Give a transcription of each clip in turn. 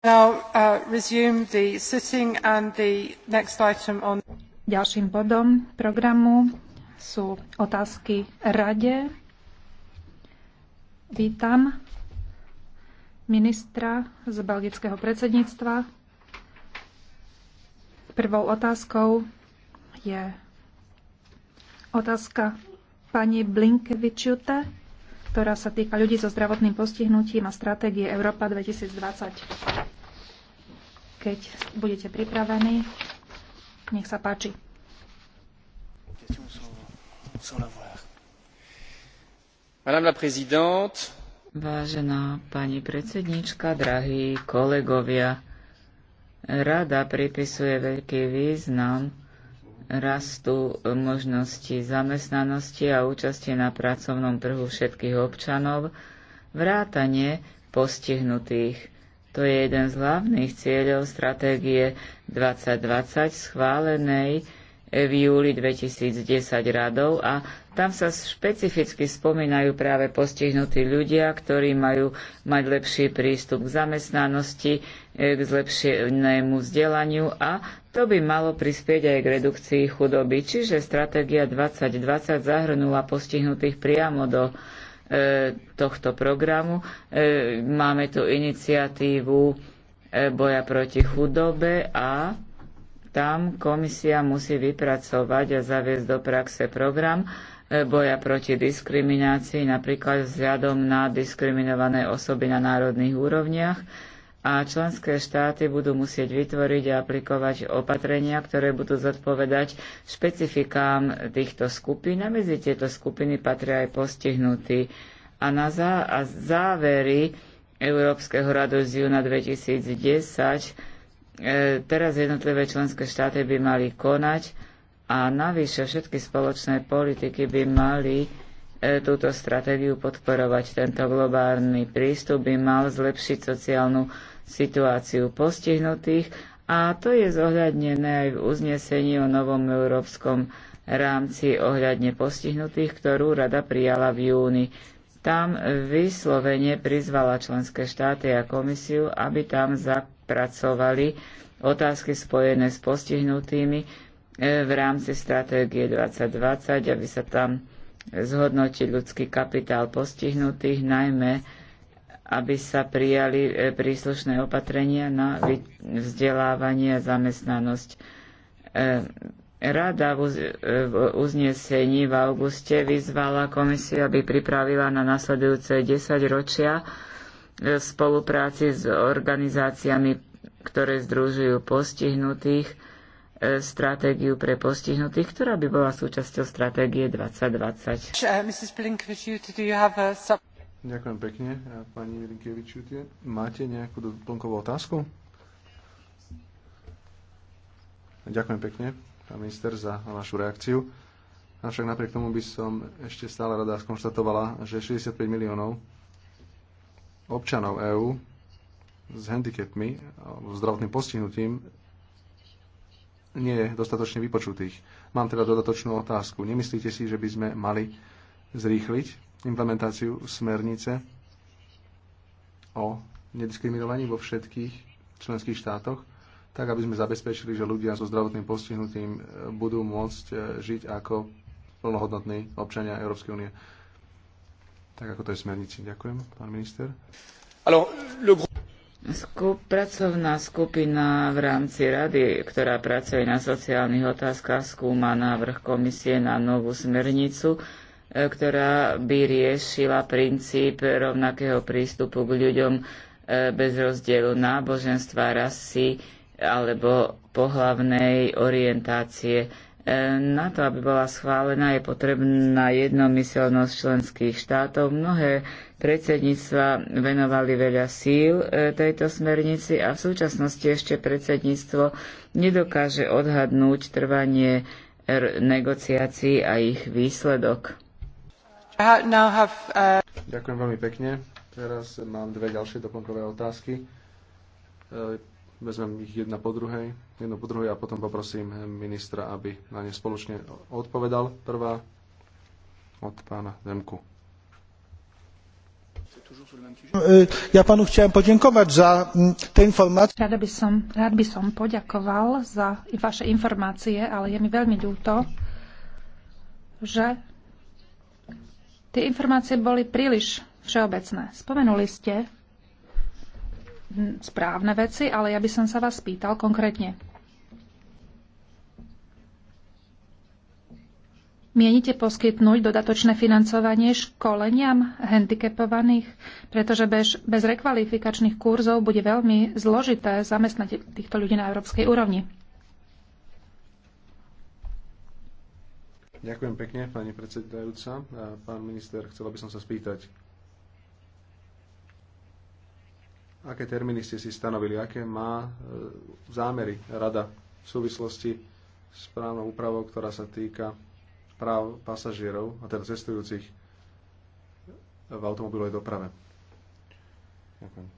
Uh, Ďalším bodom programu sú otázky rade. Vítam ministra z belgického predsedníctva. Prvou otázkou je otázka pani Blinkevičute, ktorá sa týka ľudí so zdravotným postihnutím a stratégie Európa 2020. Keď budete pripravení, nech sa páči. Vážená pani predsednička, drahí kolegovia, rada pripisuje veľký význam rastu možnosti zamestnanosti a účasti na pracovnom trhu všetkých občanov, vrátane postihnutých. To je jeden z hlavných cieľov stratégie 2020 schválenej v júli 2010 radov a tam sa špecificky spomínajú práve postihnutí ľudia, ktorí majú mať lepší prístup k zamestnanosti, e, k zlepšenému vzdelaniu a to by malo prispieť aj k redukcii chudoby. Čiže stratégia 2020 zahrnula postihnutých priamo do E, tohto programu. E, máme tu iniciatívu e, boja proti chudobe a tam komisia musí vypracovať a zaviesť do praxe program boja proti diskriminácii, napríklad vzhľadom na diskriminované osoby na národných úrovniach a členské štáty budú musieť vytvoriť a aplikovať opatrenia, ktoré budú zodpovedať špecifikám týchto skupín a medzi tieto skupiny patria aj postihnutí. A na zá- a závery Európskeho radu z júna 2010 e, teraz jednotlivé členské štáty by mali konať a navyše všetky spoločné politiky by mali e, túto stratégiu podporovať. Tento globálny prístup by mal zlepšiť sociálnu situáciu postihnutých a to je zohľadnené aj v uznesení o novom európskom rámci ohľadne postihnutých, ktorú Rada prijala v júni. Tam vyslovene prizvala členské štáty a komisiu, aby tam zapracovali otázky spojené s postihnutými e, v rámci stratégie 2020, aby sa tam zhodnotil ľudský kapitál postihnutých, najmä aby sa prijali e, príslušné opatrenia na vzdelávanie a zamestnanosť. E, Rada e, v uznesení v auguste vyzvala komisiu, aby pripravila na nasledujúce 10 ročia v spolupráci s organizáciami, ktoré združujú postihnutých, stratégiu pre postihnutých, ktorá by bola súčasťou stratégie 2020. Ďakujem pekne. Pani Rinkevič máte nejakú doplnkovú otázku? Ďakujem pekne, pán minister, za vašu reakciu. Avšak napriek tomu by som ešte stále rada skonštatovala, že 65 miliónov občanov EÚ s handicapmi alebo zdravotným postihnutím nie je dostatočne vypočutých. Mám teda dodatočnú otázku. Nemyslíte si, že by sme mali zrýchliť implementáciu smernice o nediskriminovaní vo všetkých členských štátoch, tak aby sme zabezpečili, že ľudia so zdravotným postihnutím e, budú môcť e, žiť ako plnohodnotní občania Európskej únie. Tak ako to je v smernici. Ďakujem, pán minister. pracovná skupina v rámci rady, ktorá pracuje na sociálnych otázkach, skúma návrh komisie na novú smernicu E, ktorá by riešila princíp rovnakého prístupu k ľuďom e, bez rozdielu náboženstva, rasy alebo pohlavnej orientácie. E, na to, aby bola schválená, je potrebná jednomyselnosť členských štátov. Mnohé predsedníctva venovali veľa síl tejto smernici a v súčasnosti ešte predsedníctvo nedokáže odhadnúť trvanie negociácií a ich výsledok. Uh, Ďakujem veľmi pekne. Teraz mám dve ďalšie doplnkové otázky. E, vezmem ich jedna po druhej, jedno po druhej a potom poprosím ministra, aby na ne spoločne odpovedal. Prvá od pána Zemku. E, ja panu chciałem podziękować za te informacje. Rád by som, rád by som poďakoval za vaše informácie, ale je mi veľmi ľúto, že Tie informácie boli príliš všeobecné. Spomenuli ste správne veci, ale ja by som sa vás pýtal konkrétne. Mienite poskytnúť dodatočné financovanie školeniam handicapovaných, pretože bez, bez rekvalifikačných kurzov bude veľmi zložité zamestnať týchto ľudí na európskej úrovni. Ďakujem pekne, pani predsedajúca. Pán minister, chcela by som sa spýtať, aké termíny ste si stanovili, aké má e, zámery rada v súvislosti s právnou úpravou, ktorá sa týka práv pasažierov, a teda cestujúcich v automobilovej doprave. Ďakujem.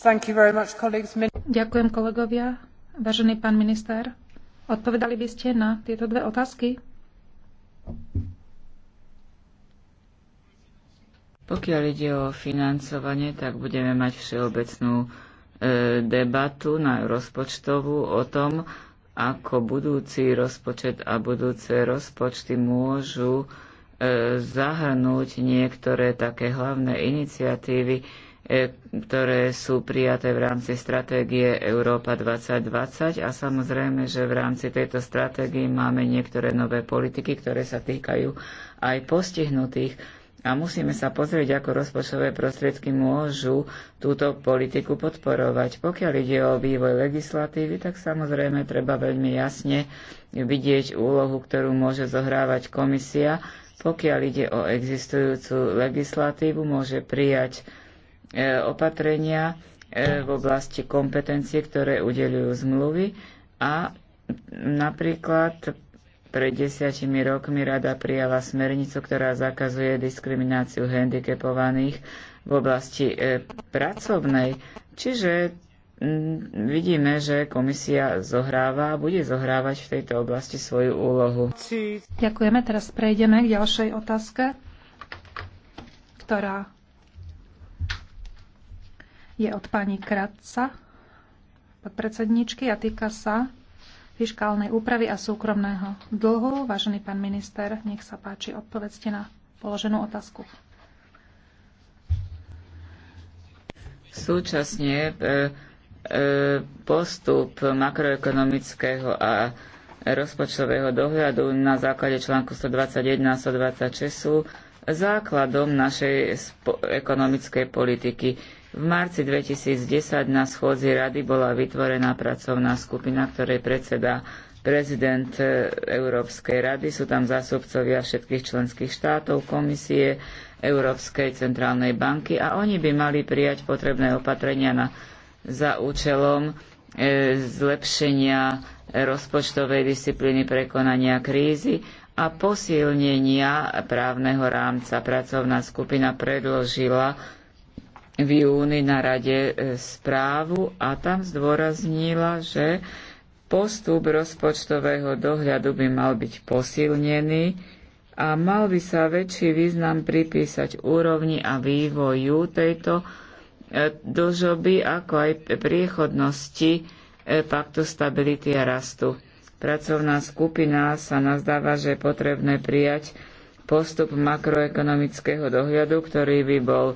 Thank you very much, colleagues. Ďakujem kolegovia. Vážený pán minister. Odpovedali by ste na tieto dve otázky? Pokiaľ ide o financovanie, tak budeme mať všeobecnú e, debatu na rozpočtovú o tom, ako budúci rozpočet a budúce rozpočty môžu e, zahrnúť niektoré také hlavné iniciatívy, E, ktoré sú prijaté v rámci stratégie Európa 2020 a samozrejme, že v rámci tejto stratégie máme niektoré nové politiky, ktoré sa týkajú aj postihnutých a musíme sa pozrieť, ako rozpočtové prostriedky môžu túto politiku podporovať. Pokiaľ ide o vývoj legislatívy, tak samozrejme treba veľmi jasne vidieť úlohu, ktorú môže zohrávať komisia. Pokiaľ ide o existujúcu legislatívu, môže prijať E, opatrenia e, v oblasti kompetencie, ktoré udelujú zmluvy a napríklad pred desiatimi rokmi rada prijala smernicu, ktorá zakazuje diskrimináciu handicapovaných v oblasti e, pracovnej. Čiže vidíme, že komisia zohráva a bude zohrávať v tejto oblasti svoju úlohu. Ďakujeme. Teraz prejdeme k ďalšej otázke, ktorá je od pani Kratca, podpredsedničky a týka sa fiskálnej úpravy a súkromného dlhu. Vážený pán minister, nech sa páči, odpovedzte na položenú otázku. Súčasne e, e, postup makroekonomického a rozpočtového dohľadu na základe článku 121 a 126 sú základom našej ekonomickej politiky. V marci 2010 na schôdzi rady bola vytvorená pracovná skupina, ktorej predseda prezident e, Európskej rady, sú tam zásobcovia všetkých členských štátov, komisie, Európskej centrálnej banky a oni by mali prijať potrebné opatrenia na, za účelom e, zlepšenia rozpočtovej disciplíny prekonania krízy a posilnenia právneho rámca. Pracovná skupina predložila v júni na rade e, správu a tam zdôraznila, že postup rozpočtového dohľadu by mal byť posilnený a mal by sa väčší význam pripísať úrovni a vývoju tejto e, dožoby, ako aj priechodnosti e, paktu stability a rastu. Pracovná skupina sa nazdáva, že je potrebné prijať postup makroekonomického dohľadu, ktorý by bol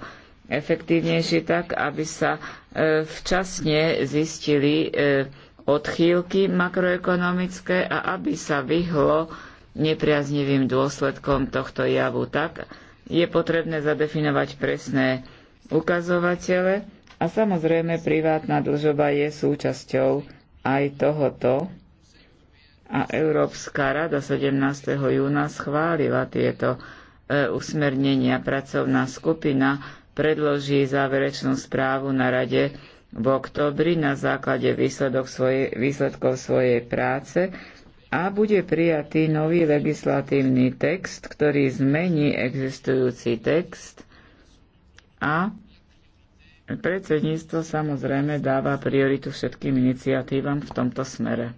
efektívnejšie tak, aby sa e, včasne zistili e, odchýlky makroekonomické a aby sa vyhlo nepriaznivým dôsledkom tohto javu. Tak je potrebné zadefinovať presné ukazovatele a samozrejme privátna dlžoba je súčasťou aj tohoto. A Európska rada 17. júna schválila tieto e, usmernenia. Pracovná skupina predloží záverečnú správu na rade v oktobri na základe výsledok svoje, výsledkov svojej práce a bude prijatý nový legislatívny text, ktorý zmení existujúci text a predsedníctvo samozrejme dáva prioritu všetkým iniciatívam v tomto smere.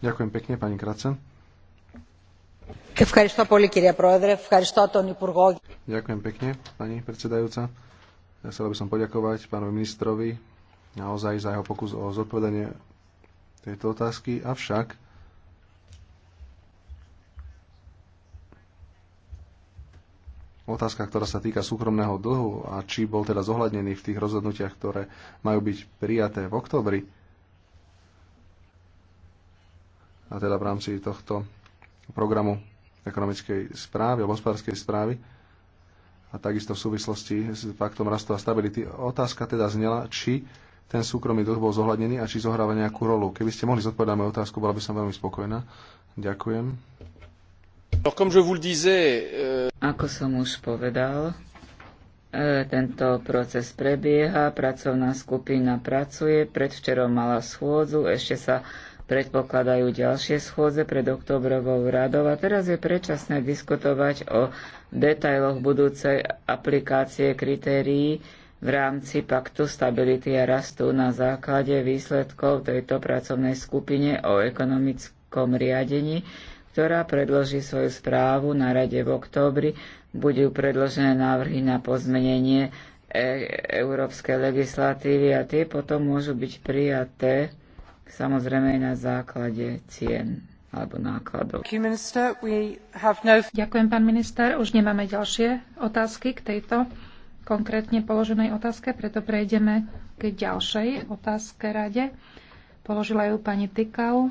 Ďakujem pekne, pani Kracen. Ďakujem pekne, pani predsedajúca. Ja chcel by som poďakovať pánovi ministrovi naozaj za jeho pokus o zodpovedanie tejto otázky, avšak otázka, ktorá sa týka súkromného dlhu a či bol teda zohľadnený v tých rozhodnutiach, ktoré majú byť prijaté v oktobri, a teda v rámci tohto programu ekonomickej správy alebo hospodárskej správy a takisto v súvislosti s faktom rastu a stability. Otázka teda znela, či ten súkromný dlh bol zohľadnený a či zohráva nejakú rolu. Keby ste mohli zodpovedať moju otázku, bola by som veľmi spokojná. Ďakujem. Euh, Ako som už povedal, e, tento proces prebieha, pracovná skupina pracuje, predvčerom mala schôdzu, ešte sa predpokladajú ďalšie schôdze pred oktobrovou radou a teraz je predčasné diskutovať o detailoch budúcej aplikácie kritérií v rámci Paktu stability a rastu na základe výsledkov tejto pracovnej skupine o ekonomickom riadení, ktorá predloží svoju správu na rade v októbri. Budú predložené návrhy na pozmenenie e- európskej legislatívy a tie potom môžu byť prijaté samozrejme na základe cien alebo nákladov. No Ďakujem, pán minister. Už nemáme ďalšie otázky k tejto konkrétne položenej otázke, preto prejdeme k ďalšej otázke rade. Položila ju pani Tykau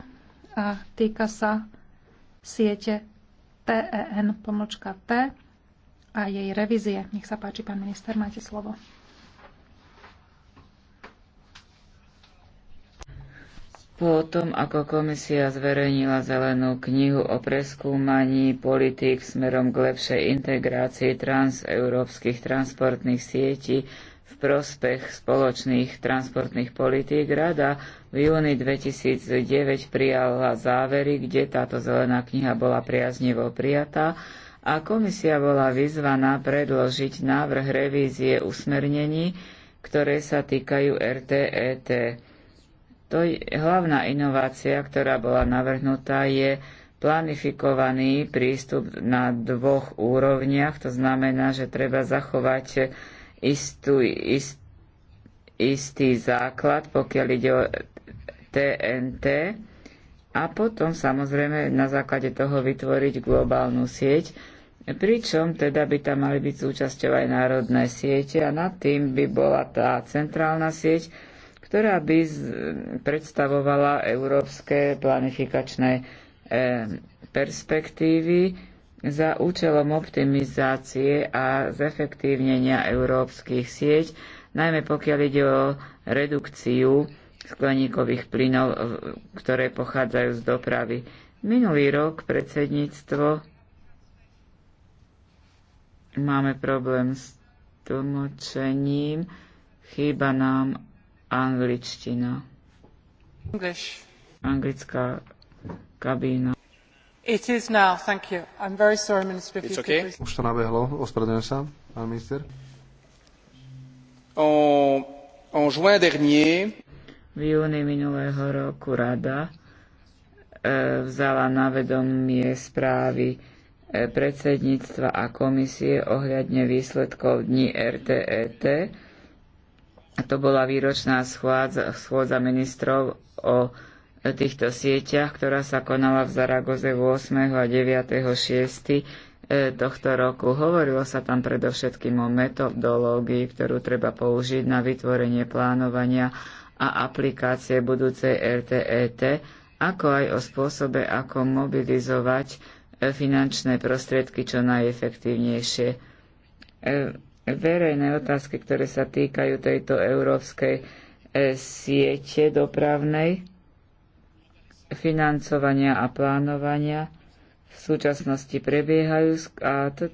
a týka sa siete TEN pomočka T a jej revízie. Nech sa páči, pán minister, máte slovo. Po tom, ako komisia zverejnila zelenú knihu o preskúmaní politík smerom k lepšej integrácii transeurópskych transportných sietí v prospech spoločných transportných politík, Rada v júni 2009 prijala závery, kde táto zelená kniha bola priaznivo prijatá a komisia bola vyzvaná predložiť návrh revízie usmernení, ktoré sa týkajú RTET. E to je hlavná inovácia, ktorá bola navrhnutá, je planifikovaný prístup na dvoch úrovniach. To znamená, že treba zachovať istú, ist, istý základ, pokiaľ ide o TNT. A potom samozrejme na základe toho vytvoriť globálnu sieť, pričom teda by tam mali byť súčasťou aj národné siete a nad tým by bola tá centrálna sieť, ktorá by predstavovala európske planifikačné e, perspektívy za účelom optimizácie a zefektívnenia európskych sieť, najmä pokiaľ ide o redukciu skleníkových plynov, ktoré pochádzajú z dopravy. Minulý rok predsedníctvo máme problém s tlmočením, chýba nám Angličtina. English. Anglická kabína. It is now, thank you. I'm very sorry, Minister. It's okay. Už to nabehlo, ospravedlňujem sa, pán minister. En, en juin dernier... V júni minulého roku rada e, vzala na vedomie správy e, predsedníctva a komisie ohľadne výsledkov dní RTET, e to bola výročná schôdza, schôdza ministrov o týchto sieťach, ktorá sa konala v Zaragoze 8. a 9. 6 e, tohto roku. Hovorilo sa tam predovšetkým o metodológii, ktorú treba použiť na vytvorenie plánovania a aplikácie budúcej RTET, e ako aj o spôsobe, ako mobilizovať e, finančné prostriedky čo najefektívnejšie verejné otázky, ktoré sa týkajú tejto európskej e, siete dopravnej, financovania a plánovania v súčasnosti prebiehajú a to,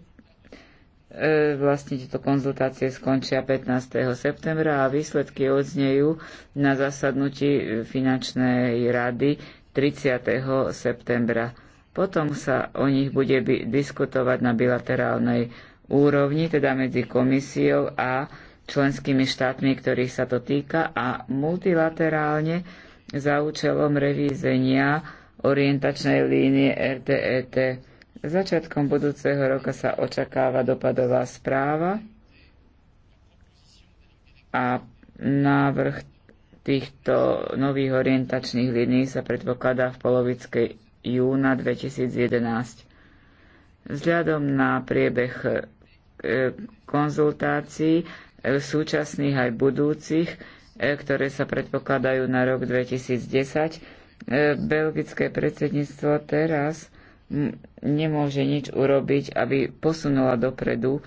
e, vlastne tieto konzultácie skončia 15. septembra a výsledky odznejú na zasadnutí finančnej rady 30. septembra. Potom sa o nich bude diskutovať na bilaterálnej úrovni, teda medzi komisiou a členskými štátmi, ktorých sa to týka, a multilaterálne za účelom revízenia orientačnej línie RTET. E Začiatkom budúceho roka sa očakáva dopadová správa a návrh týchto nových orientačných línií sa predpokladá v polovickej júna 2011. Vzhľadom na priebeh e, konzultácií e, súčasných aj budúcich, e, ktoré sa predpokladajú na rok 2010, belgické predsedníctvo teraz nemôže nič urobiť, aby posunula dopredu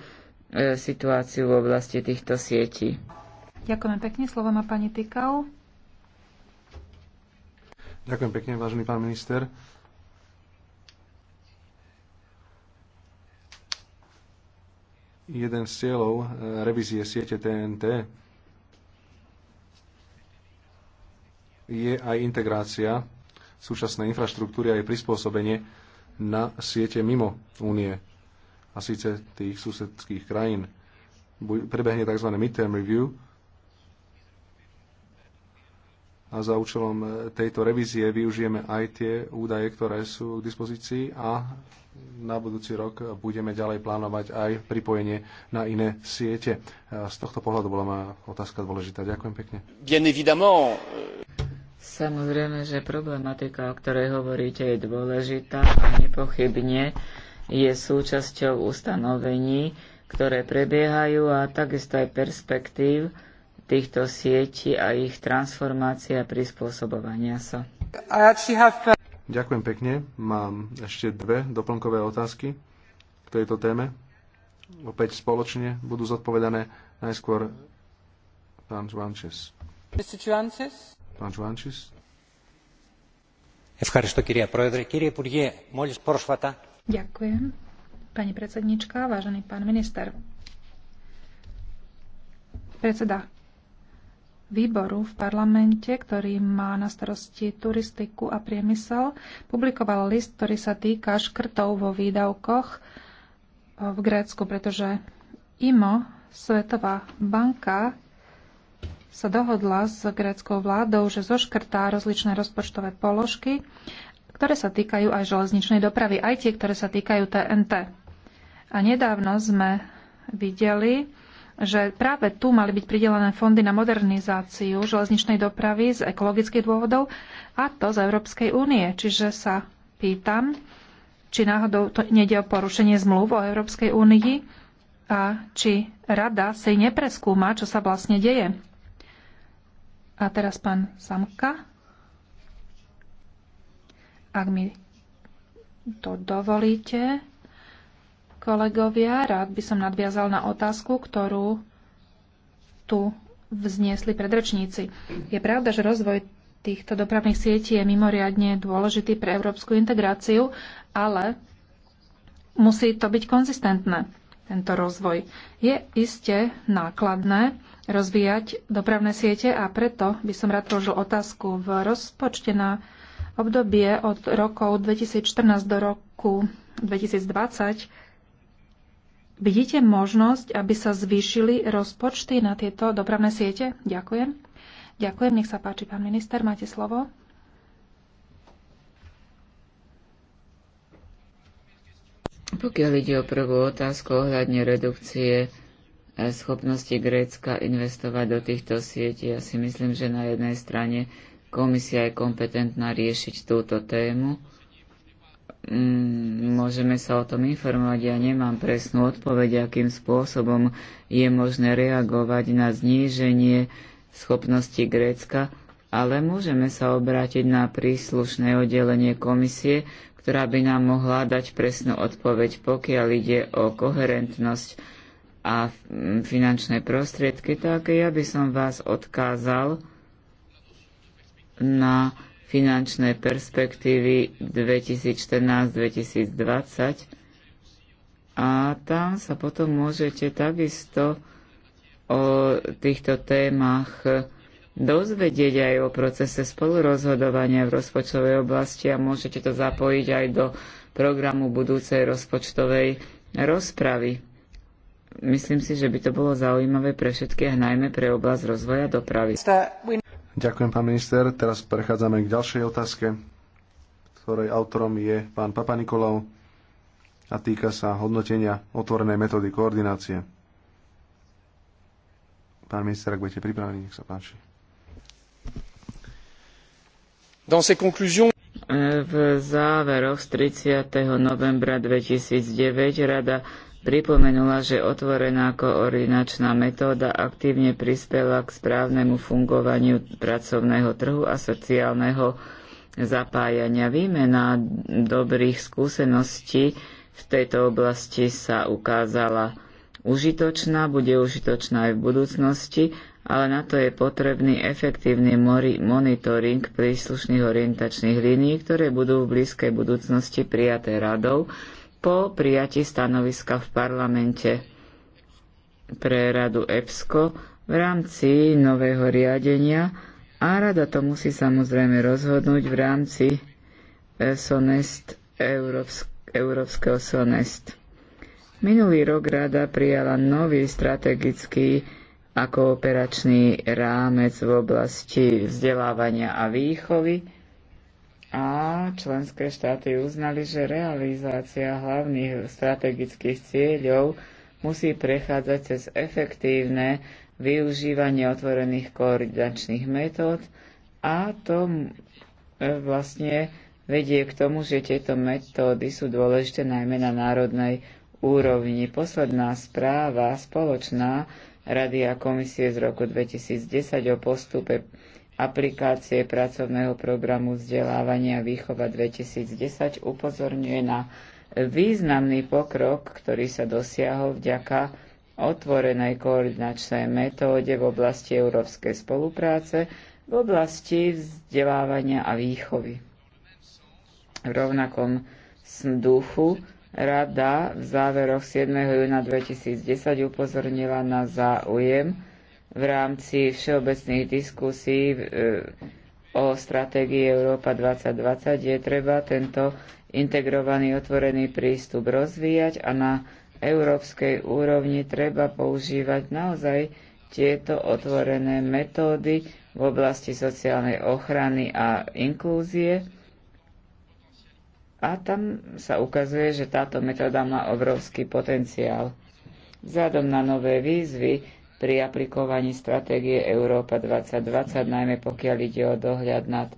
situáciu v oblasti týchto sietí. Ďakujem pekne. Slovo má pani Tikau. Ďakujem pekne, vážený pán minister. jeden z cieľov e, revízie siete TNT je aj integrácia súčasnej infraštruktúry a jej prispôsobenie na siete mimo únie a síce tých susedských krajín. Prebehne tzv. midterm review, a za účelom e, tejto revízie využijeme aj tie údaje, ktoré sú k dispozícii a na budúci rok budeme ďalej plánovať aj pripojenie na iné siete. Z tohto pohľadu bola moja otázka dôležitá. Ďakujem pekne. Bien évidemment. Euh, Samozrejme, že problematika, o ktorej hovoríte, je dôležitá a nepochybne je súčasťou ustanovení, ktoré prebiehajú a takisto aj perspektív, týchto sietí a ich transformácia a prispôsobovania sa. Uh, Ďakujem pekne. Mám ešte dve doplnkové otázky k tejto téme. Opäť spoločne budú zodpovedané najskôr pán Čvančes. Pán Čvančes. Ďakujem. Pani predsednička, vážený pán minister. Predseda výboru v parlamente, ktorý má na starosti turistiku a priemysel, publikoval list, ktorý sa týka škrtov vo výdavkoch eh, v Grécku, pretože IMO, Svetová banka, sa dohodla s gréckou vládou, že zoškrtá rozličné rozpočtové položky, ktoré sa týkajú aj železničnej dopravy, aj tie, ktoré sa týkajú TNT. A nedávno sme videli, že práve tu mali byť pridelené fondy na modernizáciu železničnej dopravy z ekologických dôvodov a to z Európskej únie. Čiže sa pýtam, či náhodou to nejde o porušenie zmluv o Európskej únii a či rada si nepreskúma, čo sa vlastne deje. A teraz pán Samka. Ak mi to dovolíte, Kolegovia, rád by som nadviazal na otázku, ktorú tu vzniesli predrečníci. Je pravda, že rozvoj týchto dopravných sietí je mimoriadne dôležitý pre európsku integráciu, ale musí to byť konzistentné, tento rozvoj. Je iste nákladné rozvíjať dopravné siete a preto by som rád položil otázku v rozpočte na obdobie od rokov 2014 do roku 2020 Vidíte možnosť, aby sa zvýšili rozpočty na tieto dopravné siete? Ďakujem. Ďakujem, nech sa páči, pán minister, máte slovo. Pokiaľ ide o prvú otázku ohľadne redukcie eh, schopnosti Grécka investovať do týchto sietí, ja si myslím, že na jednej strane komisia je kompetentná riešiť túto tému Mm, môžeme sa o tom informovať. Ja nemám presnú odpoveď, akým spôsobom je možné reagovať na zníženie schopnosti Grécka, ale môžeme sa obrátiť na príslušné oddelenie komisie, ktorá by nám mohla dať presnú odpoveď, pokiaľ ide o koherentnosť a mm, finančné prostriedky. Tak ja by som vás odkázal na finančné perspektívy 2014-2020 a tam sa potom môžete takisto o týchto témach dozvedieť aj o procese spolurozhodovania v rozpočtovej oblasti a môžete to zapojiť aj do programu budúcej rozpočtovej rozpravy. Myslím si, že by to bolo zaujímavé pre všetkých, najmä pre oblasť rozvoja dopravy. Ďakujem, pán minister. Teraz prechádzame k ďalšej otázke, ktorej autorom je pán Papa Nikolov a týka sa hodnotenia otvorenej metódy koordinácie. Pán minister, ak budete pripravení, nech sa páči. V záveroch z 30. novembra 2009 Rada Pripomenula, že otvorená koordinačná metóda aktívne prispela k správnemu fungovaniu pracovného trhu a sociálneho zapájania. Výmena dobrých skúseností v tejto oblasti sa ukázala užitočná, bude užitočná aj v budúcnosti, ale na to je potrebný efektívny monitoring príslušných orientačných línií, ktoré budú v blízkej budúcnosti prijaté radou po prijatí stanoviska v parlamente pre radu EPSCO v rámci nového riadenia a rada to musí samozrejme rozhodnúť v rámci e, SONEST, Európskeho SONEST. Minulý rok rada prijala nový strategický a kooperačný rámec v oblasti vzdelávania a výchovy, a členské štáty uznali, že realizácia hlavných strategických cieľov musí prechádzať cez efektívne využívanie otvorených koordinačných metód a to e, vlastne vedie k tomu, že tieto metódy sú dôležité najmä na národnej úrovni. Posledná správa spoločná Rady a komisie z roku 2010 o postupe aplikácie pracovného programu vzdelávania výchova 2010 upozorňuje na významný pokrok, ktorý sa dosiahol vďaka otvorenej koordinačnej metóde v oblasti európskej spolupráce v oblasti vzdelávania a výchovy. V rovnakom duchu Rada v záveroch 7. júna 2010 upozornila na záujem v rámci všeobecných diskusí e, o stratégii Európa 2020 je treba tento integrovaný otvorený prístup rozvíjať a na európskej úrovni treba používať naozaj tieto otvorené metódy v oblasti sociálnej ochrany a inklúzie. A tam sa ukazuje, že táto metóda má obrovský potenciál. Vzhľadom na nové výzvy, pri aplikovaní stratégie Európa 2020, najmä pokiaľ ide o dohľad nad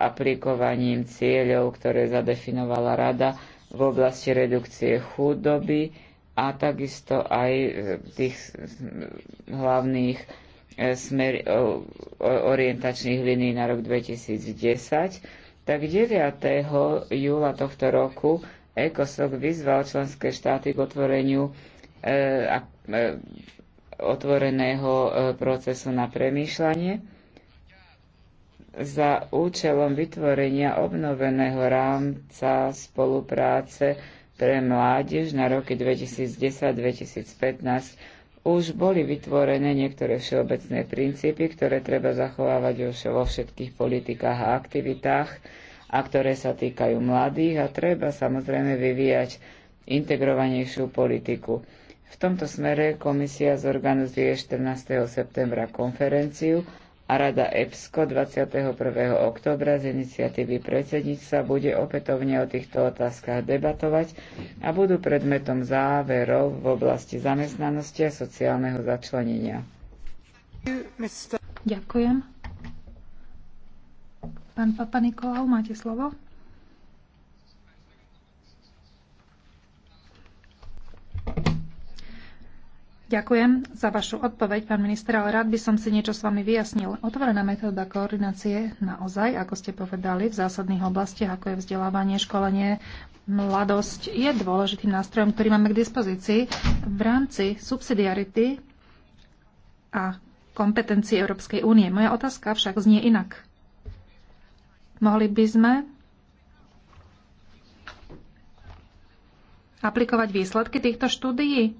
aplikovaním cieľov, ktoré zadefinovala Rada v oblasti redukcie chudoby a takisto aj e, tých hlavných e, smer, orientačných liní na rok 2010, tak 9. júla tohto roku ECOSOC vyzval členské štáty k otvoreniu e, a E, otvoreného e, procesu na premýšľanie za účelom vytvorenia obnoveného rámca spolupráce pre mládež na roky 2010-2015 už boli vytvorené niektoré všeobecné princípy, ktoré treba zachovávať už vo všetkých politikách a aktivitách a ktoré sa týkajú mladých a treba samozrejme vyvíjať integrovanejšiu politiku. V tomto smere komisia zorganizuje 14. septembra konferenciu a Rada EPSCO 21. oktobra z iniciatívy predsedníctva bude opätovne o týchto otázkach debatovať a budú predmetom záverov v oblasti zamestnanosti a sociálneho začlenenia. Ďakujem. Pán Papa Nikolau, máte slovo. Ďakujem za vašu odpoveď, pán minister, ale rád by som si niečo s vami vyjasnil. Otvorená metóda koordinácie naozaj, ako ste povedali, v zásadných oblastiach, ako je vzdelávanie, školenie, mladosť, je dôležitým nástrojom, ktorý máme k dispozícii v rámci subsidiarity a kompetencií Európskej únie. Moja otázka však znie inak. Mohli by sme aplikovať výsledky týchto štúdií?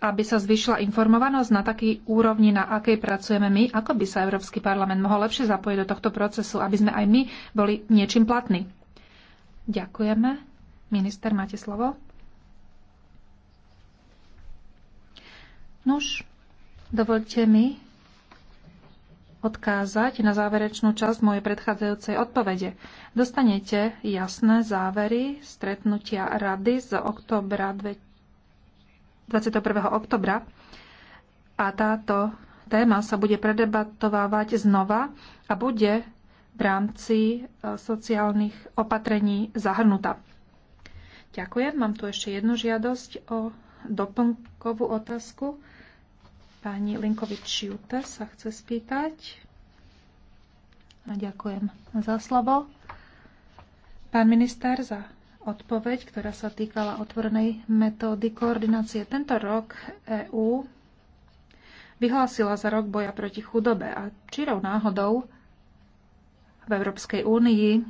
aby sa zvyšila informovanosť na taký úrovni, na akej pracujeme my, ako by sa Európsky parlament mohol lepšie zapojiť do tohto procesu, aby sme aj my boli niečím platní. Ďakujeme. Minister, máte slovo. Nuž, dovolte mi odkázať na záverečnú časť mojej predchádzajúcej odpovede. Dostanete jasné závery stretnutia rady z oktobra 2000 21. oktobra a táto téma sa bude predebatovávať znova a bude v rámci e, sociálnych opatrení zahrnutá. Ďakujem. Mám tu ešte jednu žiadosť o doplnkovú otázku. Pani Linkovič-Jute sa chce spýtať. A ďakujem za slovo. Pán minister, za odpoveď, ktorá sa týkala otvorenej metódy koordinácie. Tento rok EÚ vyhlásila za rok boja proti chudobe a čirou náhodou v Európskej únii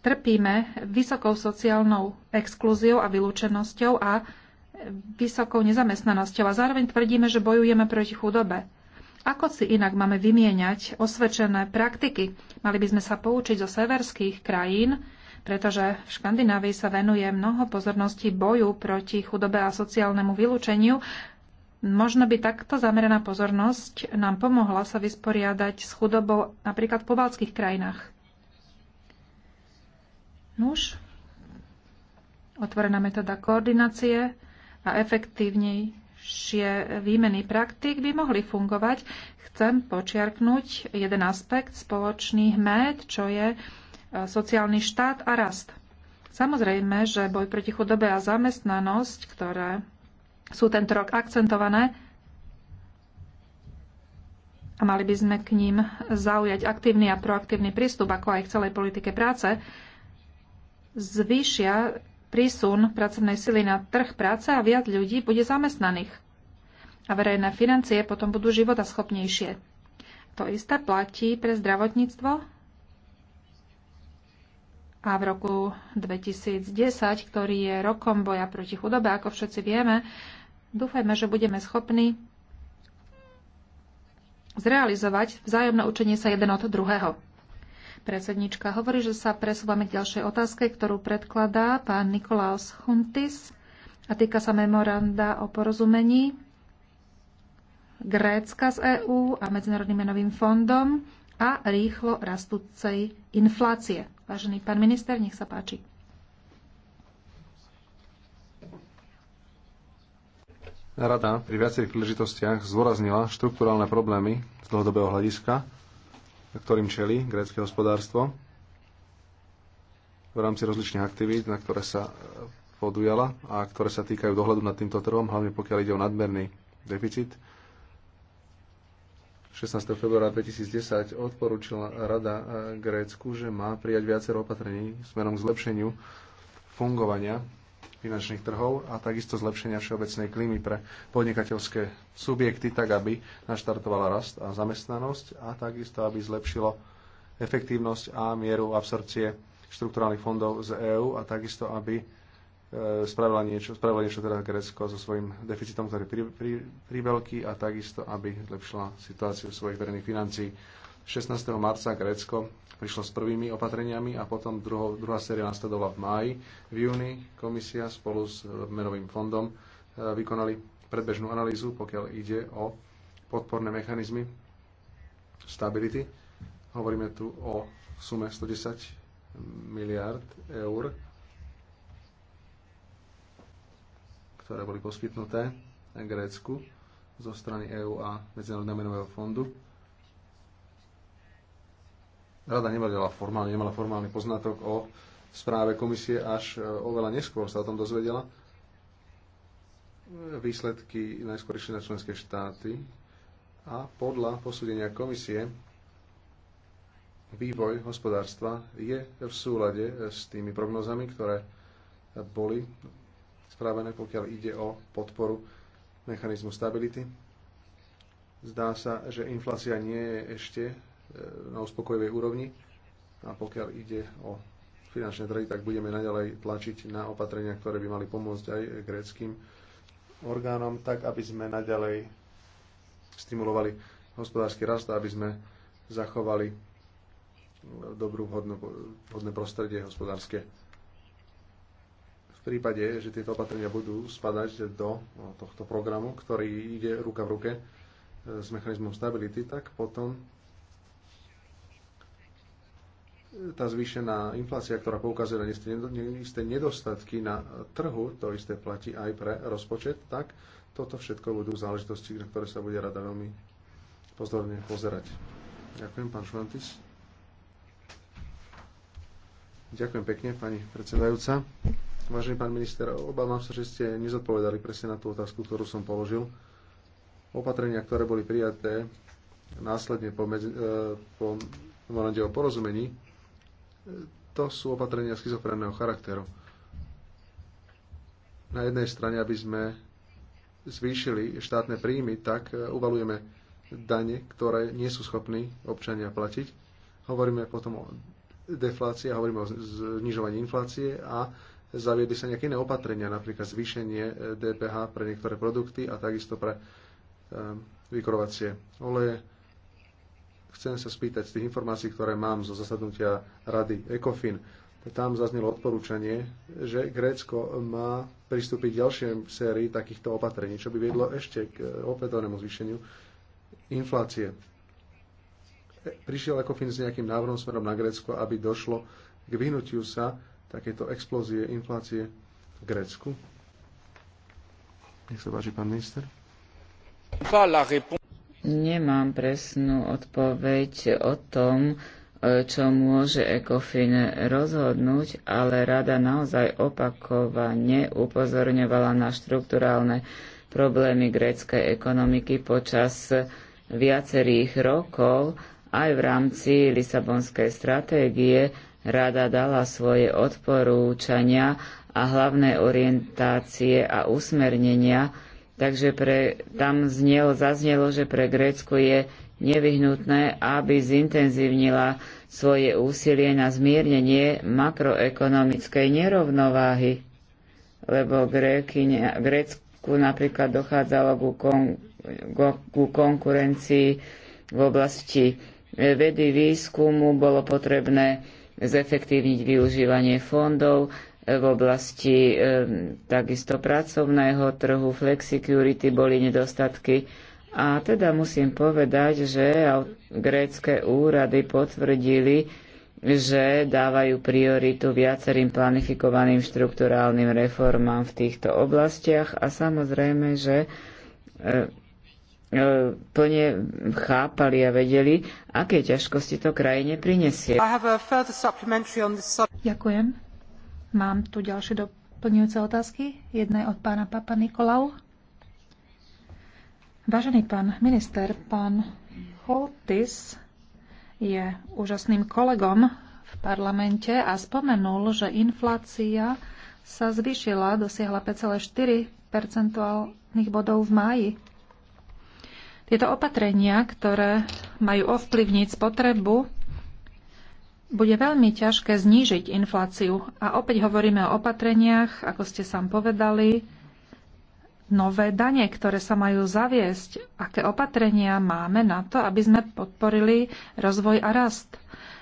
trpíme vysokou sociálnou exkluziou a vylúčenosťou a vysokou nezamestnanosťou a zároveň tvrdíme, že bojujeme proti chudobe. Ako si inak máme vymieňať osvedčené praktiky? Mali by sme sa poučiť zo severských krajín, pretože v Škandinávii sa venuje mnoho pozornosti boju proti chudobe a sociálnemu vylúčeniu. Možno by takto zameraná pozornosť nám pomohla sa vysporiadať s chudobou napríklad v pobalských krajinách. Nuž, otvorená metóda koordinácie a efektívnej širšie výmeny praktík by mohli fungovať. Chcem počiarknúť jeden aspekt spoločných mét, čo je e, sociálny štát a rast. Samozrejme, že boj proti chudobe a zamestnanosť, ktoré sú tento rok akcentované, a mali by sme k ním zaujať aktívny a proaktívny prístup, ako aj k celej politike práce, zvýšia prísun pracovnej sily na trh práce a viac ľudí bude zamestnaných. A verejné financie potom budú schopnejšie. To isté platí pre zdravotníctvo. A v roku 2010, ktorý je rokom boja proti chudobe, ako všetci vieme, dúfajme, že budeme schopní zrealizovať vzájomné učenie sa jeden od druhého. Predsednička hovorí, že sa presúvame k ďalšej otázke, ktorú predkladá pán Nikolaus Huntis a týka sa memoranda o porozumení Grécka z EÚ a Medzinárodným menovým fondom a rýchlo rastúcej inflácie. Vážený pán minister, nech sa páči. Rada pri viacerých príležitostiach zdôraznila štrukturálne problémy z dlhodobého hľadiska ktorým čeli grécke hospodárstvo v rámci rozličných aktivít, na ktoré sa e, podujala a ktoré sa týkajú dohľadu nad týmto trhom, hlavne pokiaľ ide o nadmerný deficit. 16. februára 2010 odporúčila Rada e, Grécku, že má prijať viacero opatrení smerom k zlepšeniu fungovania finančných trhov a takisto zlepšenia všeobecnej klímy pre podnikateľské subjekty, tak aby naštartovala rast a zamestnanosť a takisto, aby zlepšilo efektívnosť a mieru absorpcie štrukturálnych fondov z EÚ a takisto, aby e, spravila niečo, spravila niečo teda Grécko so svojím deficitom, ktorý je pri, a takisto, aby zlepšila situáciu svojich verejných financií. 16. marca Grécko prišla s prvými opatreniami a potom druho, druhá séria nastadovala v máji. V júni komisia spolu s e, menovým fondom e, vykonali predbežnú analýzu, pokiaľ ide o podporné mechanizmy stability. Hovoríme tu o sume 110 miliard eur, ktoré boli poskytnuté Grécku zo strany EÚ a Medzinárodného menového fondu rada nemala formálne, nemala formálny poznatok o správe komisie, až e, oveľa neskôr sa o tom dozvedela. E, výsledky najskôr išli na členské štáty a podľa posúdenia komisie vývoj hospodárstva je v súlade s tými prognozami, ktoré boli spravené, pokiaľ ide o podporu mechanizmu stability. Zdá sa, že inflácia nie je ešte na uspokojivej úrovni a pokiaľ ide o finančné trhy, tak budeme naďalej tlačiť na opatrenia, ktoré by mali pomôcť aj gréckým orgánom, tak aby sme naďalej stimulovali hospodársky rast a aby sme zachovali dobrú hodnú, hodné prostredie hospodárske. V prípade, že tieto opatrenia budú spadať do tohto programu, ktorý ide ruka v ruke eh, s mechanizmom stability, tak potom tá zvýšená inflácia, ktorá poukazuje na isté nedostatky na trhu, to isté platí aj pre rozpočet, tak toto všetko budú záležitosti, na ktoré sa bude rada veľmi pozorne pozerať. Ďakujem, pán Švantis. Ďakujem pekne, pani predsedajúca. Vážený pán minister, obávam sa, že ste nezodpovedali presne na tú otázku, ktorú som položil. Opatrenia, ktoré boli prijaté následne po, medzi, po memorande o porozumení to sú opatrenia schizofrénneho charakteru. Na jednej strane, aby sme zvýšili štátne príjmy, tak e, uvalujeme dane, ktoré nie sú schopní občania platiť. Hovoríme potom o deflácii, hovoríme o znižovaní inflácie a zaviedli sa nejaké iné opatrenia, napríklad zvýšenie e, DPH pre niektoré produkty a takisto pre um, e, vykorovacie oleje chcem sa spýtať z tých informácií, ktoré mám zo zasadnutia Rady ECOFIN. Tam zaznelo odporúčanie, že Grécko má pristúpiť ďalšej sérii takýchto opatrení, čo by viedlo ešte k eh, opätovnému zvýšeniu inflácie. Prišiel ECOFIN s nejakým návrhom smerom na Grécko, aby došlo k vyhnutiu sa takéto explózie inflácie v Grécku? Nech sa páči, pán minister. Nemám presnú odpoveď o tom, e, čo môže ECOFIN rozhodnúť, ale rada naozaj opakovane upozorňovala na štrukturálne problémy gréckej ekonomiky počas viacerých rokov. Aj v rámci Lisabonskej stratégie rada dala svoje odporúčania a hlavné orientácie a usmernenia Takže pre, tam znel, zaznelo, že pre Grécko je nevyhnutné, aby zintenzívnila svoje úsilie na zmiernenie makroekonomickej nerovnováhy, lebo Grécku napríklad dochádzalo ku, kon, ku konkurencii v oblasti vedy výskumu, bolo potrebné zefektívniť využívanie fondov, v oblasti takisto pracovného trhu, flexicurity boli nedostatky. A teda musím povedať, že grécké úrady potvrdili, že dávajú prioritu viacerým planifikovaným štrukturálnym reformám v týchto oblastiach a samozrejme, že plne chápali a vedeli, aké ťažkosti to krajine prinesie. Ďakujem. Mám tu ďalšie doplňujúce otázky. Jedna je od pána Papa Nikolau. Vážený pán minister, pán Holtis je úžasným kolegom v parlamente a spomenul, že inflácia sa zvyšila, dosiahla 5,4 percentuálnych bodov v máji. Tieto opatrenia, ktoré majú ovplyvniť spotrebu, bude veľmi ťažké znížiť infláciu. A opäť hovoríme o opatreniach, ako ste sám povedali, nové dane, ktoré sa majú zaviesť, aké opatrenia máme na to, aby sme podporili rozvoj a rast.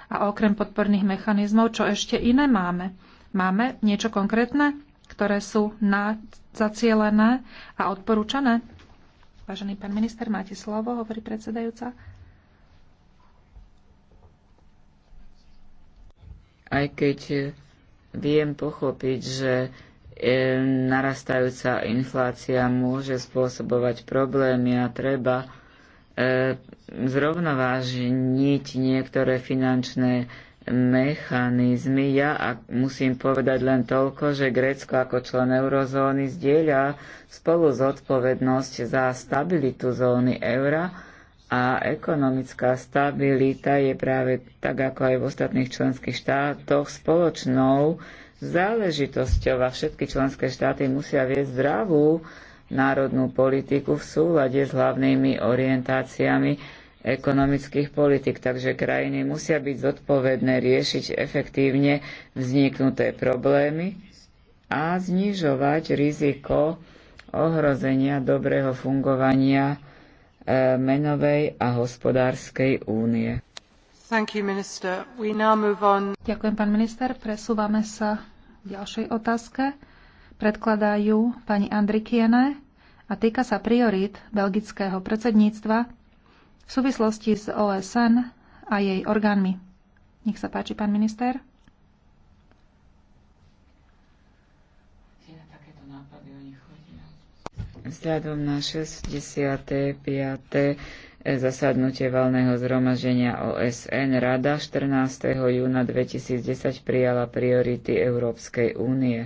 A okrem podporných mechanizmov, čo ešte iné máme? Máme niečo konkrétne, ktoré sú na zacielené a odporúčané? Vážený pán minister, máte slovo, hovorí predsedajúca. aj keď e, viem pochopiť, že e, narastajúca inflácia môže spôsobovať problémy a treba e, zrovnovážniť niektoré finančné mechanizmy. Ja musím povedať len toľko, že Grécko ako člen eurozóny zdieľa spolu zodpovednosť za stabilitu zóny eura a ekonomická stabilita je práve tak ako aj v ostatných členských štátoch spoločnou záležitosťou a všetky členské štáty musia viesť zdravú národnú politiku v súlade s hlavnými orientáciami ekonomických politik, takže krajiny musia byť zodpovedné riešiť efektívne vzniknuté problémy a znižovať riziko ohrozenia dobrého fungovania E, menovej a hospodárskej únie. You, Ďakujem, pán minister. Presúvame sa k ďalšej otázke. Predkladajú pani Andrikiene a týka sa priorít belgického predsedníctva v súvislosti s OSN a jej orgánmi. Nech sa páči, pán minister. Vzhľadom na 65. zasadnutie valného zhromaženia OSN Rada 14. júna 2010 prijala priority Európskej únie.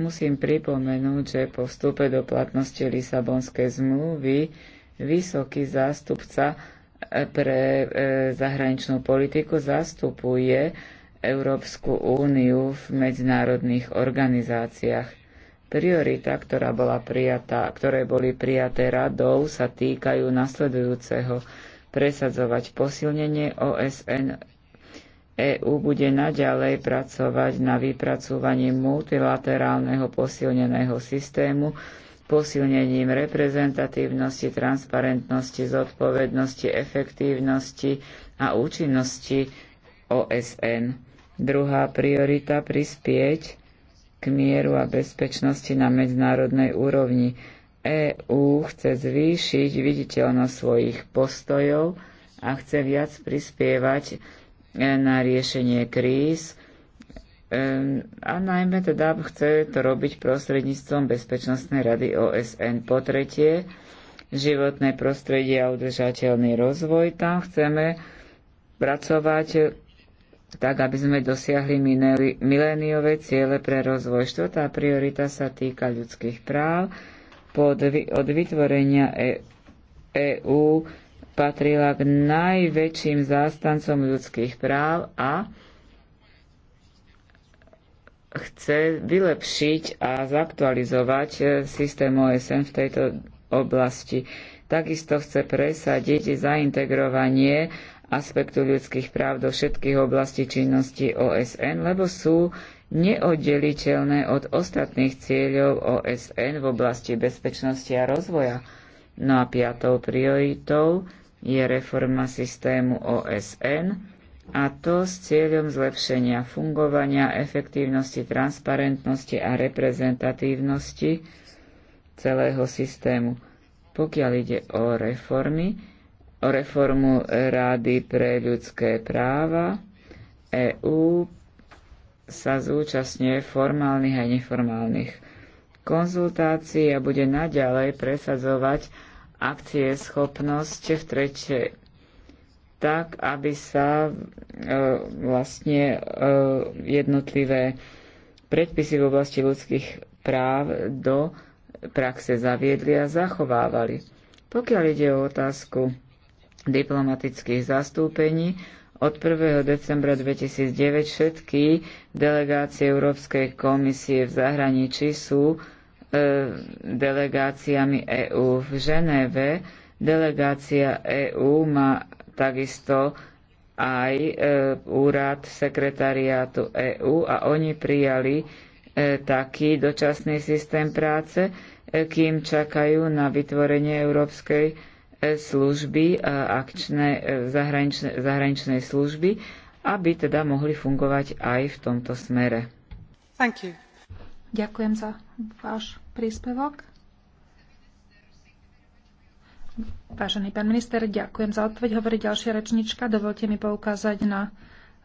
Musím pripomenúť, že po vstupe do platnosti Lisabonskej zmluvy vysoký zástupca e, pre e, zahraničnú politiku zastupuje Európsku úniu v medzinárodných organizáciách. Priorita, ktorá bola prijatá, ktoré boli prijaté radou, sa týkajú nasledujúceho presadzovať posilnenie OSN. EU bude naďalej pracovať na vypracúvaní multilaterálneho posilneného systému, posilnením reprezentatívnosti, transparentnosti, zodpovednosti, efektívnosti a účinnosti OSN. Druhá priorita prispieť k mieru a bezpečnosti na medzinárodnej úrovni. EÚ chce zvýšiť viditeľnosť svojich postojov a chce viac prispievať e, na riešenie kríz e, a najmä teda chce to robiť prostredníctvom Bezpečnostnej rady OSN. Po tretie, životné prostredie a udržateľný rozvoj. Tam chceme pracovať tak aby sme dosiahli miléniové ciele pre rozvoj. Štvrtá priorita sa týka ľudských práv. Pod, od vytvorenia EÚ e patrila k najväčším zástancom ľudských práv a chce vylepšiť a zaktualizovať e, systém OSN v tejto oblasti. Takisto chce presadiť zaintegrovanie aspektu ľudských práv do všetkých oblastí činnosti OSN, lebo sú neoddeliteľné od ostatných cieľov OSN v oblasti bezpečnosti a rozvoja. No a piatou prioritou je reforma systému OSN a to s cieľom zlepšenia fungovania, efektívnosti, transparentnosti a reprezentatívnosti celého systému. Pokiaľ ide o reformy, o reformu rady pre ľudské práva. EU sa zúčastňuje formálnych aj neformálnych konzultácií a bude naďalej presadzovať akcie schopnosť v treče tak, aby sa e, vlastne e, jednotlivé predpisy v oblasti ľudských práv do praxe zaviedli a zachovávali. Pokiaľ ide o otázku diplomatických zastúpení od 1. decembra 2009 všetky delegácie Európskej komisie v zahraničí sú e, delegáciami EÚ. V Ženeve delegácia EÚ má takisto aj e, úrad sekretariátu EÚ a oni prijali e, taký dočasný systém práce, e, kým čakajú na vytvorenie Európskej služby, akčné e, zahraničné, zahraničnej služby, aby teda mohli fungovať aj v tomto smere. Thank you. Ďakujem za váš príspevok. Vážený pán minister, ďakujem za odpoveď. Hovorí ďalšia rečnička. Dovolte mi poukázať na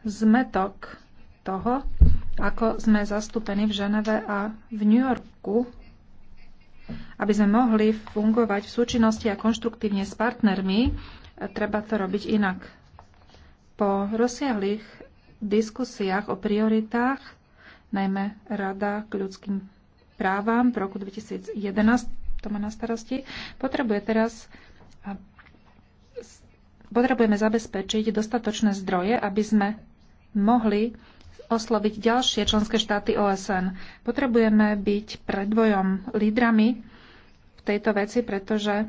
zmetok toho, ako sme zastúpení v Ženeve a v New Yorku aby sme mohli fungovať v súčinnosti a konštruktívne s partnermi, e, treba to robiť inak. Po rozsiahlých diskusiách o prioritách, najmä Rada k ľudským právam v roku 2011, to má na starosti, potrebuje teraz potrebujeme zabezpečiť dostatočné zdroje, aby sme mohli osloviť ďalšie členské štáty OSN. Potrebujeme byť predvojom lídrami tejto veci, pretože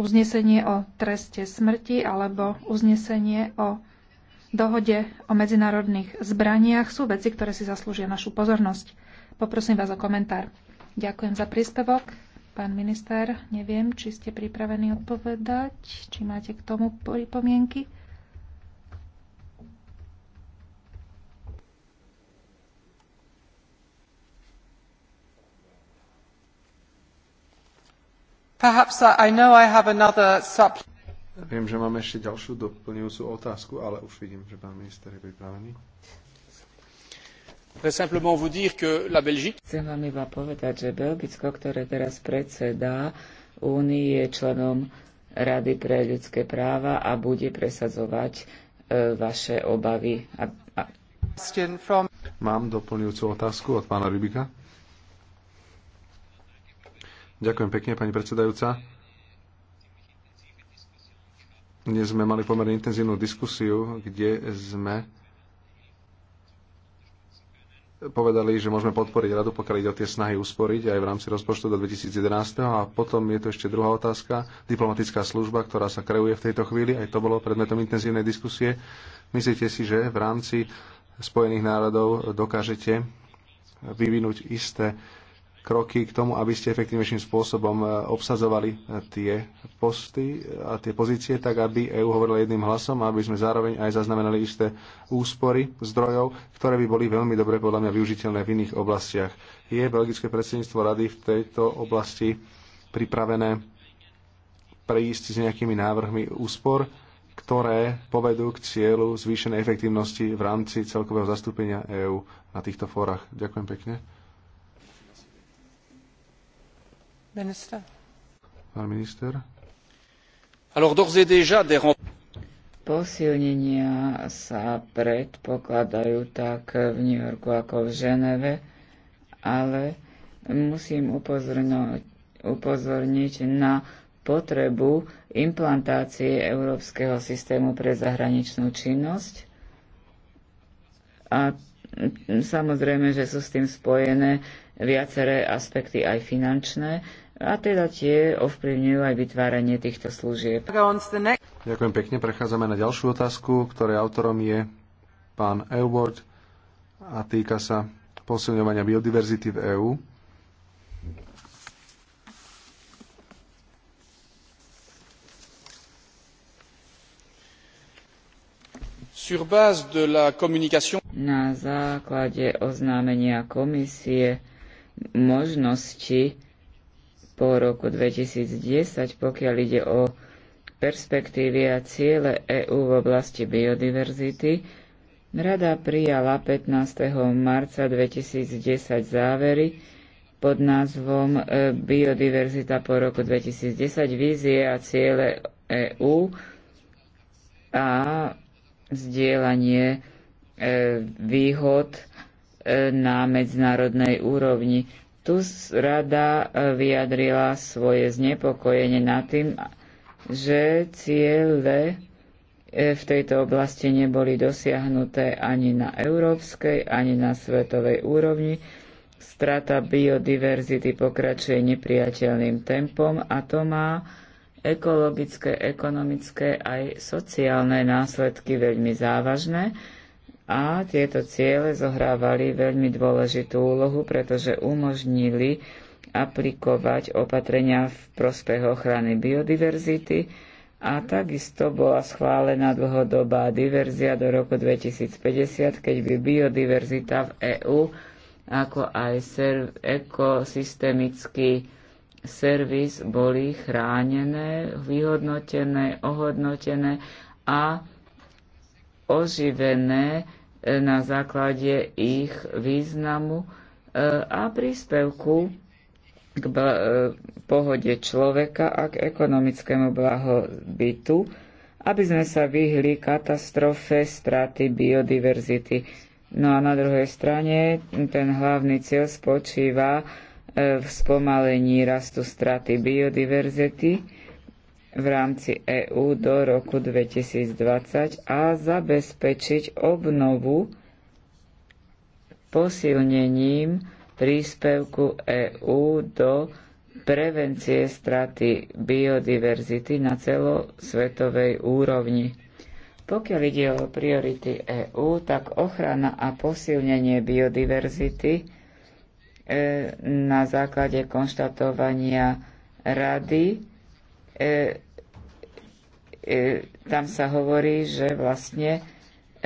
uznesenie o treste smrti alebo uznesenie o dohode o medzinárodných zbraniach sú veci, ktoré si zaslúžia našu pozornosť. Poprosím vás o komentár. Ďakujem za príspevok. Pán minister, neviem, či ste pripravení odpovedať, či máte k tomu pripomienky. Viem, že mám ešte ďalšiu doplňujúcu otázku, ale už vidím, že pán minister je pripravený. Chcem vám iba povedať, že Belgicko, ktoré teraz predsedá Únii, je členom Rady pre ľudské práva a bude presadzovať e, vaše obavy. A, a... Mám doplňujúcu otázku od pána Rybika. Ďakujem pekne, pani predsedajúca. Dnes sme mali pomerne intenzívnu diskusiu, kde sme povedali, že môžeme podporiť radu, pokiaľ ide o tie snahy usporiť aj v rámci rozpočtu do 2011. A potom je to ešte druhá otázka, diplomatická služba, ktorá sa kreuje v tejto chvíli, aj to bolo predmetom intenzívnej diskusie. Myslíte si, že v rámci Spojených národov dokážete vyvinúť isté kroky k tomu, aby ste efektívnejším spôsobom e, obsadzovali e, tie posty a tie pozície, tak aby EU hovorila jedným hlasom a aby sme zároveň aj zaznamenali isté úspory zdrojov, ktoré by boli veľmi dobre podľa mňa využiteľné v iných oblastiach. Je belgické predsedníctvo rady v tejto oblasti pripravené prejsť s nejakými návrhmi úspor, ktoré povedú k cieľu zvýšenej efektívnosti v rámci celkového zastúpenia EÚ na týchto fórach. Ďakujem pekne. Posilnenia sa predpokladajú tak v New Yorku ako v Ženeve, ale musím upozorniť, upozorniť na potrebu implantácie Európskeho systému pre zahraničnú činnosť. A samozrejme, že sú s tým spojené viaceré aspekty aj finančné, a teda tie ovplyvňujú aj vytváranie týchto služieb. Ďakujem pekne. Prechádzame na ďalšiu otázku, ktoré autorom je pán Elward a týka sa posilňovania biodiverzity v EÚ. Na základe oznámenia komisie možnosti po roku 2010, pokiaľ ide o perspektívy a ciele EÚ v oblasti biodiverzity, Rada prijala 15. marca 2010 závery pod názvom e, Biodiverzita po roku 2010, vízie a ciele EÚ a zdieľanie e, výhod e, na medzinárodnej úrovni. Tu rada e, vyjadrila svoje znepokojenie nad tým, že ciele e, v tejto oblasti neboli dosiahnuté ani na európskej, ani na svetovej úrovni. Strata biodiverzity pokračuje nepriateľným tempom a to má ekologické, ekonomické aj sociálne následky veľmi závažné a tieto ciele zohrávali veľmi dôležitú úlohu, pretože umožnili aplikovať opatrenia v prospech ochrany biodiverzity a takisto bola schválená dlhodobá diverzia do roku 2050, keď by biodiverzita v EÚ ako aj serv- ekosystemický servis boli chránené, vyhodnotené, ohodnotené a oživené e, na základe ich významu e, a príspevku k e, pohode človeka a k ekonomickému blahobytu, aby sme sa vyhli katastrofe straty biodiverzity. No a na druhej strane ten hlavný cieľ spočíva v spomalení rastu straty biodiverzity, v rámci EÚ do roku 2020 a zabezpečiť obnovu posilnením príspevku EÚ do prevencie straty biodiverzity na celosvetovej úrovni. Pokiaľ ide o priority EÚ, tak ochrana a posilnenie biodiverzity e, na základe konštatovania Rady e, E, tam sa hovorí, že vlastne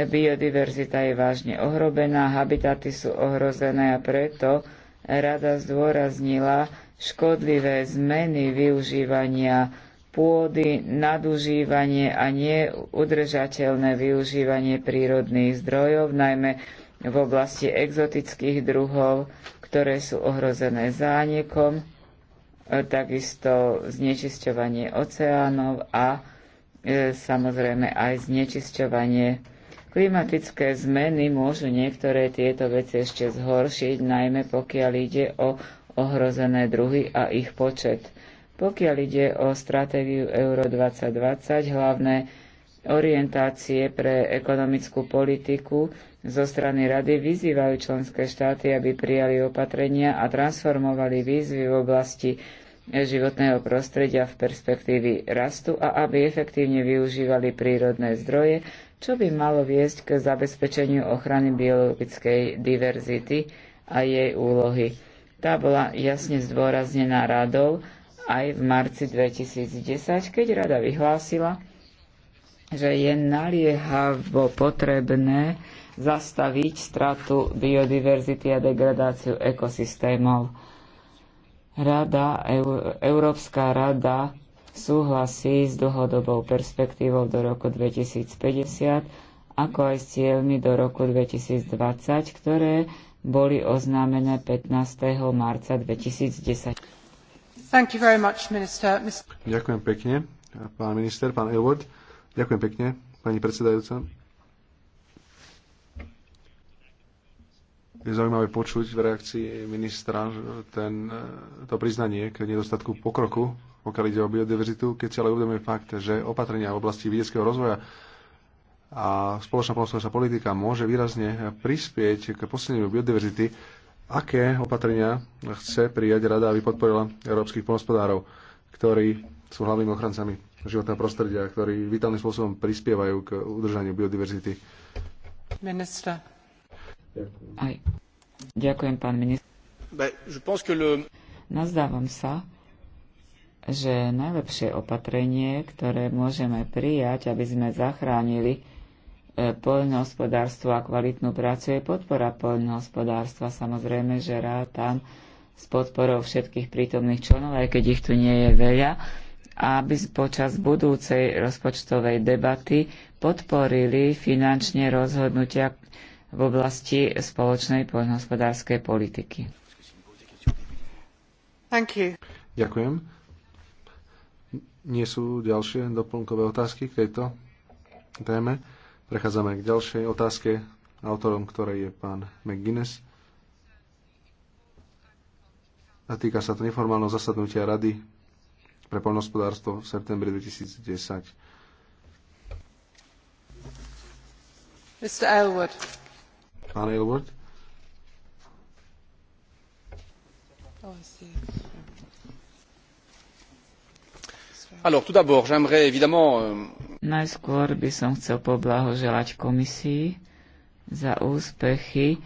biodiverzita je vážne ohrobená, habitaty sú ohrozené a preto rada zdôraznila škodlivé zmeny využívania pôdy, nadužívanie a neudržateľné využívanie prírodných zdrojov, najmä v oblasti exotických druhov, ktoré sú ohrozené zánikom, takisto znečisťovanie oceánov a E, samozrejme aj znečisťovanie. Klimatické zmeny môžu niektoré tieto veci ešte zhoršiť, najmä pokiaľ ide o ohrozené druhy a ich počet. Pokiaľ ide o stratégiu Euro 2020, hlavné orientácie pre ekonomickú politiku zo strany Rady vyzývajú členské štáty, aby prijali opatrenia a transformovali výzvy v oblasti životného prostredia v perspektívy rastu a aby efektívne využívali prírodné zdroje, čo by malo viesť k zabezpečeniu ochrany biologickej diverzity a jej úlohy. Tá bola jasne zdôraznená radou aj v marci 2010, keď rada vyhlásila, že je naliehavo potrebné zastaviť stratu biodiverzity a degradáciu ekosystémov Rada, Európska rada súhlasí s dlhodobou perspektívou do roku 2050, ako aj s cieľmi do roku 2020, ktoré boli oznámené 15. marca 2010. Thank you very much, minister. Ďakujem pekne, pán minister, pán Elwood. Ďakujem pekne, pani predsedajúca. je zaujímavé počuť v reakcii ministra ten, e, to priznanie k nedostatku pokroku, pokiaľ ide o biodiverzitu, keď si ale uvedomuje fakt, že opatrenia v oblasti vidieckého rozvoja a spoločná polnospodárska politika môže výrazne prispieť k posilneniu biodiverzity, aké opatrenia chce prijať rada, aby podporila európskych polnospodárov, ktorí sú hlavnými ochrancami životného prostredia, ktorí vitálnym spôsobom prispievajú k udržaniu biodiverzity. Minister. Ďakujem. pán minister. Nazdávam sa, že najlepšie opatrenie, ktoré môžeme prijať, aby sme zachránili e, poľnohospodárstvo a kvalitnú prácu, je podpora poľnohospodárstva. Samozrejme, že tam s podporou všetkých prítomných členov, aj keď ich tu nie je veľa, aby počas budúcej rozpočtovej debaty podporili finančne rozhodnutia v oblasti spoločnej poľnohospodárskej politiky. Thank you. Ďakujem. Nie sú ďalšie doplnkové otázky k tejto téme. Prechádzame k ďalšej otázke, autorom ktorej je pán McGuinness. A týka sa to neformálneho zasadnutia Rady pre poľnohospodárstvo v septembri 2010. Mr. Elwood. Pán Aylward? Alors, tout d'abord, j'aimerais évidemment... Euh, Najskôr by som chcel poblahoželať komisii za úspechy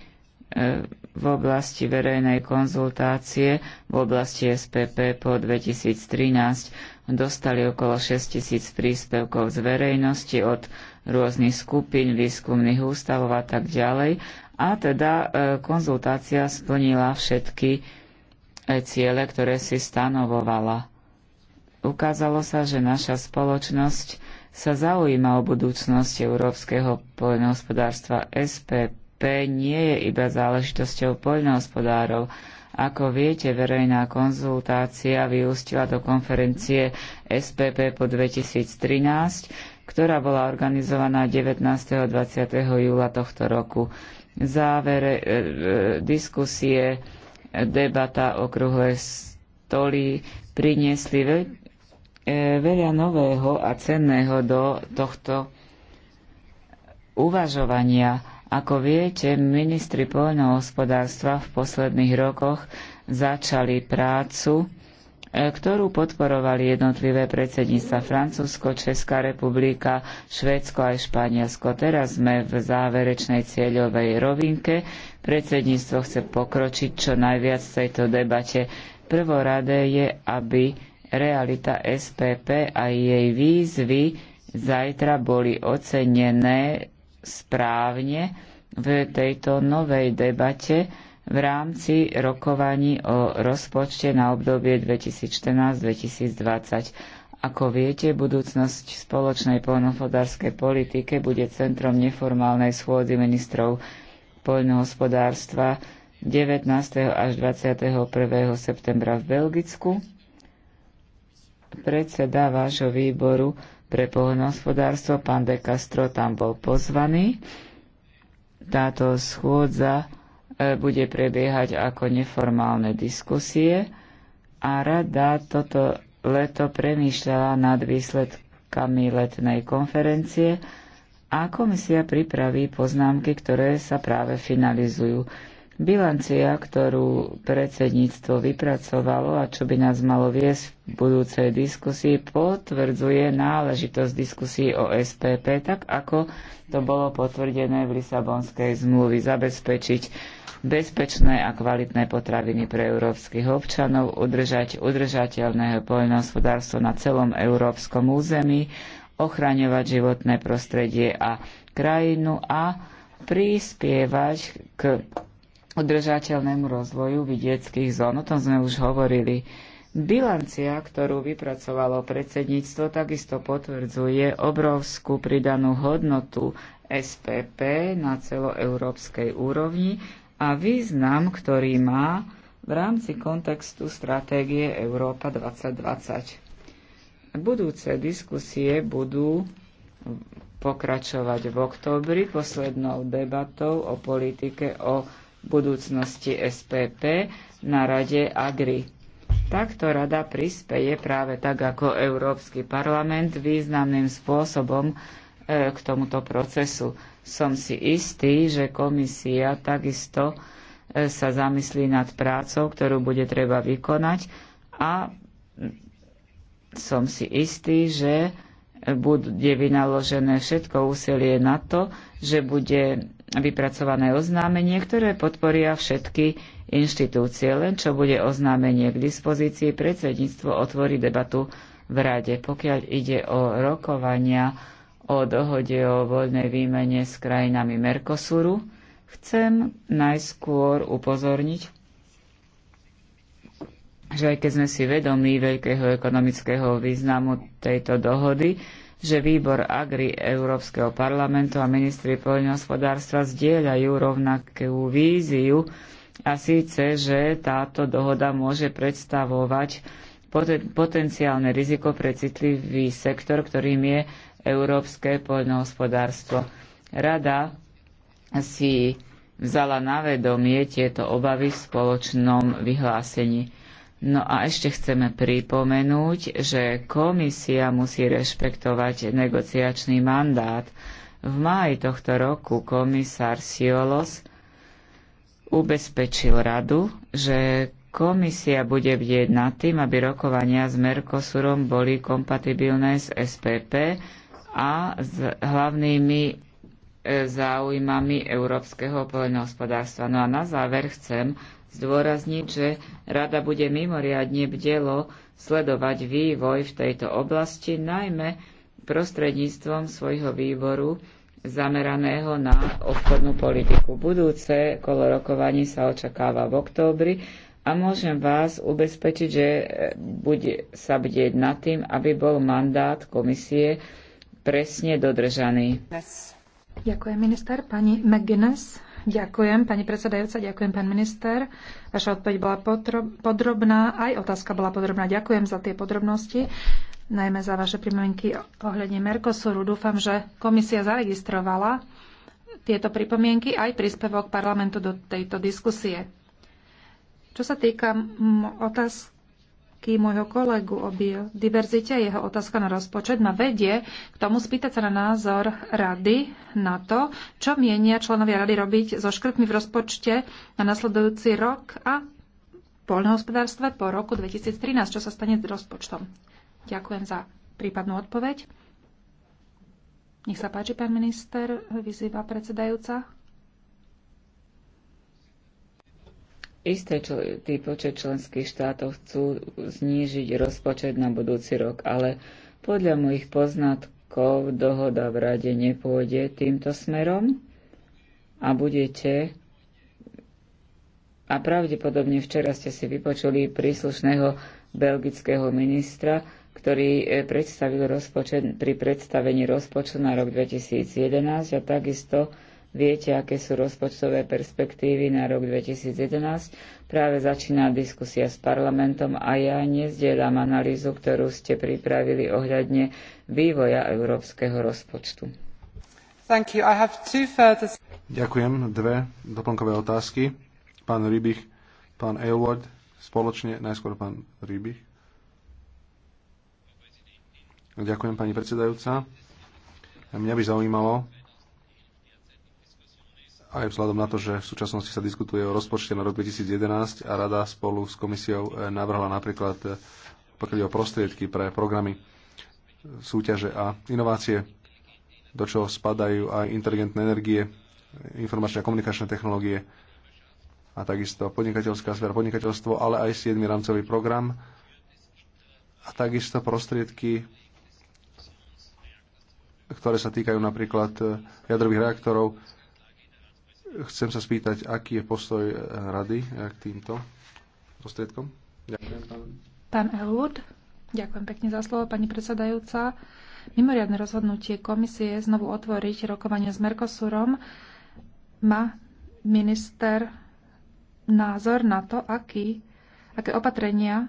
eh, v oblasti verejnej konzultácie v oblasti SPP po 2013. Dostali okolo 6 tisíc príspevkov z verejnosti od rôznych skupín, výskumných ústavov a tak ďalej. A teda e, konzultácia splnila všetky e, ciele, ktoré si stanovovala. Ukázalo sa, že naša spoločnosť sa zaujíma o budúcnosť európskeho poľnohospodárstva. SPP nie je iba záležitosťou poľnohospodárov. Ako viete, verejná konzultácia vyústila do konferencie SPP po 2013, ktorá bola organizovaná 19. a 20. júla tohto roku. Závere e, e, diskusie, debata okrúhle stoly priniesli e, veľa nového a cenného do tohto uvažovania. Ako viete, ministri poľnohospodárstva v posledných rokoch začali prácu ktorú podporovali jednotlivé predsedníctva Francúzsko, Česká republika, Švédsko a Španielsko. Teraz sme v záverečnej cieľovej rovinke. Predsedníctvo chce pokročiť čo najviac v tejto debate. Prvoradé je, aby realita SPP a jej výzvy zajtra boli ocenené správne v tejto novej debate, v rámci rokovaní o rozpočte na obdobie 2014-2020. Ako viete, budúcnosť spoločnej poľnohospodárskej politike bude centrom neformálnej schôdzy ministrov poľnohospodárstva 19. až 21. septembra v Belgicku. Predseda vášho výboru pre poľnohospodárstvo, pán De Castro, tam bol pozvaný. Táto schôdza E, bude prebiehať ako neformálne diskusie a rada toto leto premýšľala nad výsledkami letnej konferencie a komisia pripraví poznámky, ktoré sa práve finalizujú. Bilancia, ktorú predsedníctvo vypracovalo a čo by nás malo viesť v budúcej diskusii, potvrdzuje náležitosť diskusí o SPP, tak ako to bolo potvrdené v Lisabonskej zmluvi, zabezpečiť bezpečné a kvalitné potraviny pre európskych občanov, udržať udržateľné poľnohospodárstvo na celom európskom území, ochraňovať životné prostredie a krajinu a prispievať k udržateľnému rozvoju vidieckých zón. O tom sme už hovorili. Bilancia, ktorú vypracovalo predsedníctvo, takisto potvrdzuje obrovskú pridanú hodnotu SPP na celoeurópskej úrovni a význam, ktorý má v rámci kontextu stratégie Európa 2020. Budúce diskusie budú pokračovať v oktobri poslednou debatou o politike o budúcnosti SPP na Rade Agri. Takto rada prispeje práve tak ako Európsky parlament významným spôsobom e, k tomuto procesu. Som si istý, že komisia takisto e, sa zamyslí nad prácou, ktorú bude treba vykonať a som si istý, že bude vynaložené všetko úsilie na to, že bude vypracované oznámenie, ktoré podporia všetky inštitúcie. Len čo bude oznámenie k dispozícii, predsedníctvo otvorí debatu v Rade. Pokiaľ ide o rokovania o dohode o voľnej výmene s krajinami Mercosuru, chcem najskôr upozorniť, že aj keď sme si vedomí veľkého ekonomického významu tejto dohody, že výbor Agri Európskeho parlamentu a ministri poľnohospodárstva zdieľajú rovnakú víziu a síce, že táto dohoda môže predstavovať potenciálne riziko pre citlivý sektor, ktorým je európske poľnohospodárstvo. Rada si vzala na vedomie tieto obavy v spoločnom vyhlásení. No a ešte chceme pripomenúť, že komisia musí rešpektovať negociačný mandát. V máji tohto roku komisár Siolos ubezpečil radu, že komisia bude bdieť nad tým, aby rokovania s Mercosurom boli kompatibilné s SPP a s hlavnými e, záujmami európskeho poľnohospodárstva. No a na záver chcem zdôrazniť, že rada bude mimoriadne bdelo sledovať vývoj v tejto oblasti, najmä prostredníctvom svojho výboru zameraného na obchodnú politiku. Budúce kolorokovaní sa očakáva v októbri a môžem vás ubezpečiť, že e, bude sa bdieť nad tým, aby bol mandát komisie presne dodržaný. Ďakujem, minister. Pani McGuinness. Ďakujem, pani predsedajúca, ďakujem, pán minister. Vaša odpoveď bola podrobná, aj otázka bola podrobná. Ďakujem za tie podrobnosti, najmä za vaše pripomienky ohľadne Mercosuru. Dúfam, že komisia zaregistrovala tieto pripomienky aj príspevok parlamentu do tejto diskusie. Čo sa týka otázky, kým môjho kolegu o biodiverzite, jeho otázka na rozpočet, ma vedie k tomu spýtať sa na názor rady na to, čo mienia členovia rady robiť so škrtmi v rozpočte na nasledujúci rok a poľnohospodárstve po roku 2013, čo sa stane s rozpočtom. Ďakujem za prípadnú odpoveď. Nech sa páči, pán minister, vyzýva predsedajúca. Isté čl- tí počet členských štátov chcú znížiť rozpočet na budúci rok, ale podľa mojich poznatkov dohoda v rade nepôjde týmto smerom a budete a pravdepodobne včera ste si vypočuli príslušného belgického ministra, ktorý eh, predstavil rozpočet pri predstavení rozpočtu na rok 2011 a takisto Viete, aké sú rozpočtové perspektívy na rok 2011. Práve začína diskusia s parlamentom a ja nezdielam analýzu, ktorú ste pripravili ohľadne vývoja európskeho rozpočtu. Thank you. I have two further... Ďakujem. Dve doplnkové otázky. Pán Rybich, pán Aylward, spoločne, najskôr pán Rybich. Ďakujem, pani predsedajúca. Mňa by zaujímalo, aj vzhľadom na to, že v súčasnosti sa diskutuje o rozpočte na rok 2011 a rada spolu s komisiou e, navrhla napríklad e, pokiaľ o prostriedky pre programy súťaže a inovácie, do čoho spadajú aj inteligentné energie, informačné a komunikačné technológie a takisto podnikateľská sféra podnikateľstvo, ale aj 7. rámcový program a takisto prostriedky ktoré sa týkajú napríklad e, jadrových reaktorov, Chcem sa spýtať, aký je postoj eh, rady eh, k týmto prostriedkom? Ďakujem. Pán Elwood, ďakujem pekne za slovo, pani predsedajúca. Mimoriadne rozhodnutie komisie znovu otvoriť rokovania s Mercosurom má minister názor na to, aký, aké opatrenia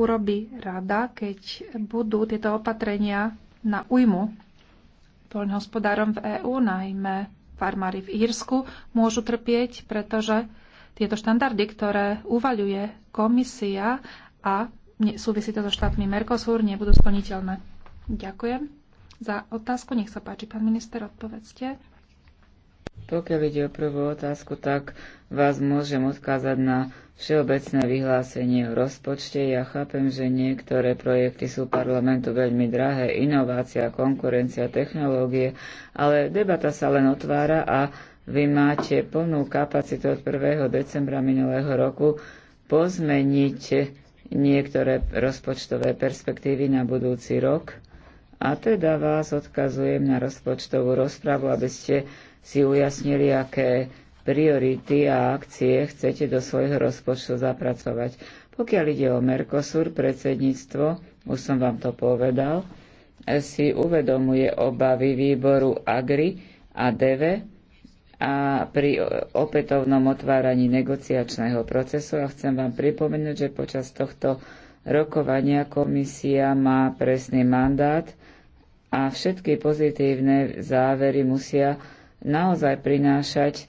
urobí rada, keď budú tieto opatrenia na újmu poľnohospodárom v EÚ, najmä farmári v Írsku môžu trpieť, pretože tieto štandardy, ktoré uvaľuje komisia a súvisí to so štátmi Mercosur, nebudú splniteľné. Ďakujem za otázku. Nech sa páči, pán minister, odpovedzte. Pokiaľ ide o prvú otázku, tak vás môžem odkázať na všeobecné vyhlásenie v rozpočte. Ja chápem, že niektoré projekty sú parlamentu veľmi drahé, inovácia, konkurencia, technológie, ale debata sa len otvára a vy máte plnú kapacitu od 1. decembra minulého roku pozmeniť niektoré rozpočtové perspektívy na budúci rok. A teda vás odkazujem na rozpočtovú rozpravu, aby ste si ujasnili, aké priority a akcie chcete do svojho rozpočtu zapracovať. Pokiaľ ide o Mercosur, predsedníctvo, už som vám to povedal, si uvedomuje obavy výboru Agri a DEVE a pri opätovnom otváraní negociačného procesu a chcem vám pripomenúť, že počas tohto rokovania komisia má presný mandát a všetky pozitívne závery musia naozaj prinášať,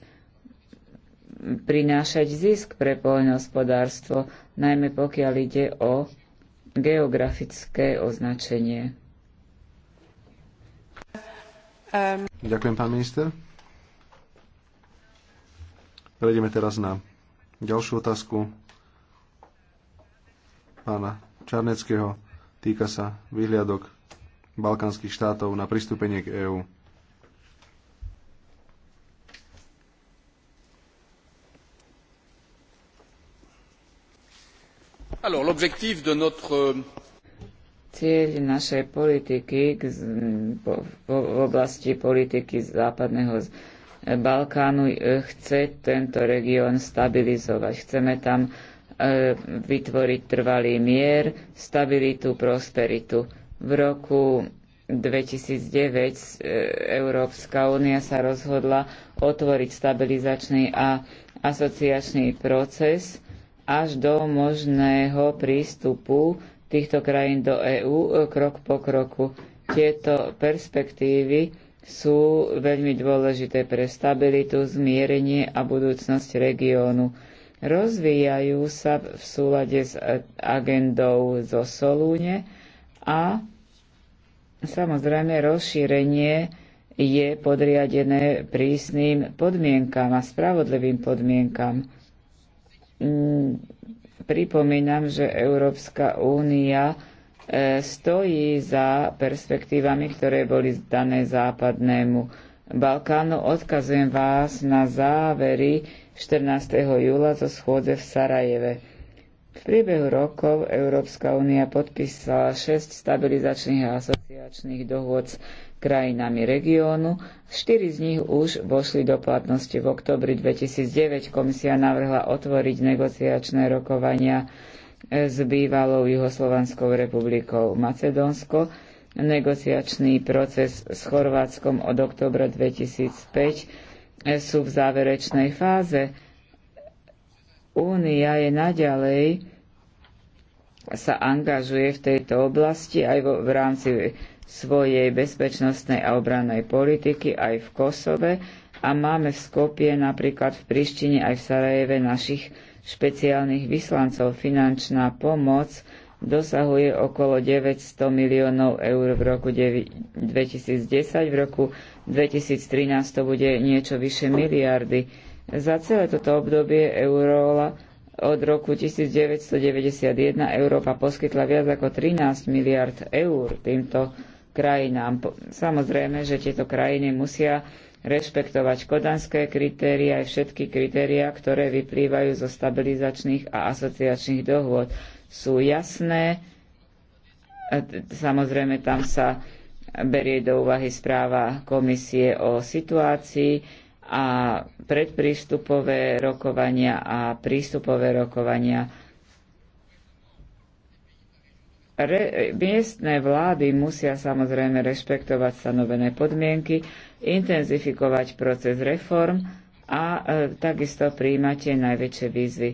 prinášať zisk pre poľnohospodárstvo, najmä pokiaľ ide o geografické označenie. Ďakujem, pán minister. Prejdeme teraz na ďalšiu otázku pána Čarneckého. Týka sa vyhliadok balkánskych štátov na pristúpenie k EÚ. Euh, cieľ našej politiky v oblasti politiky západného e, Balkánu e, chce tento región stabilizovať. Chceme tam e, vytvoriť trvalý mier, stabilitu, prosperitu. V roku 2009 Európska únia sa rozhodla otvoriť stabilizačný a asociačný proces až do možného prístupu týchto krajín do EÚ e, krok po kroku. Tieto perspektívy sú veľmi dôležité pre stabilitu, zmierenie a budúcnosť regiónu. Rozvíjajú sa v súlade s agendou zo Solúne a samozrejme rozšírenie je podriadené prísnym podmienkam a spravodlivým podmienkam. Mm, pripomínam, že Európska únia e, stojí za perspektívami, ktoré boli dané západnému Balkánu. Odkazujem vás na závery 14. júla zo schôdze v Sarajeve. V priebehu rokov Európska únia podpísala 6 stabilizačných a asociačných dohôd s krajinami regiónu. Štyri z nich už vošli do platnosti v oktobri 2009. Komisia navrhla otvoriť negociačné rokovania e, s bývalou Juhoslovanskou republikou Macedónsko. Negociačný proces s Chorvátskom od oktobra 2005 e, sú v záverečnej fáze. Únia je naďalej sa angažuje v tejto oblasti aj vo, v rámci svojej bezpečnostnej a obrannej politiky aj v Kosove a máme v Skopie napríklad v Prištine aj v Sarajeve našich špeciálnych vyslancov. Finančná pomoc dosahuje okolo 900 miliónov eur v roku 2010, v roku 2013 to bude niečo vyše miliardy. Za celé toto obdobie Eurola od roku 1991 Európa poskytla viac ako 13 miliard eur týmto krajinám. Samozrejme, že tieto krajiny musia rešpektovať kodanské kritéria aj všetky kritéria, ktoré vyplývajú zo stabilizačných a asociačných dohôd. Sú jasné, samozrejme tam sa berie do úvahy správa komisie o situácii a predprístupové rokovania a prístupové rokovania Re, miestne vlády musia samozrejme rešpektovať stanovené podmienky, intenzifikovať proces reform a e, takisto príjmať tie najväčšie výzvy.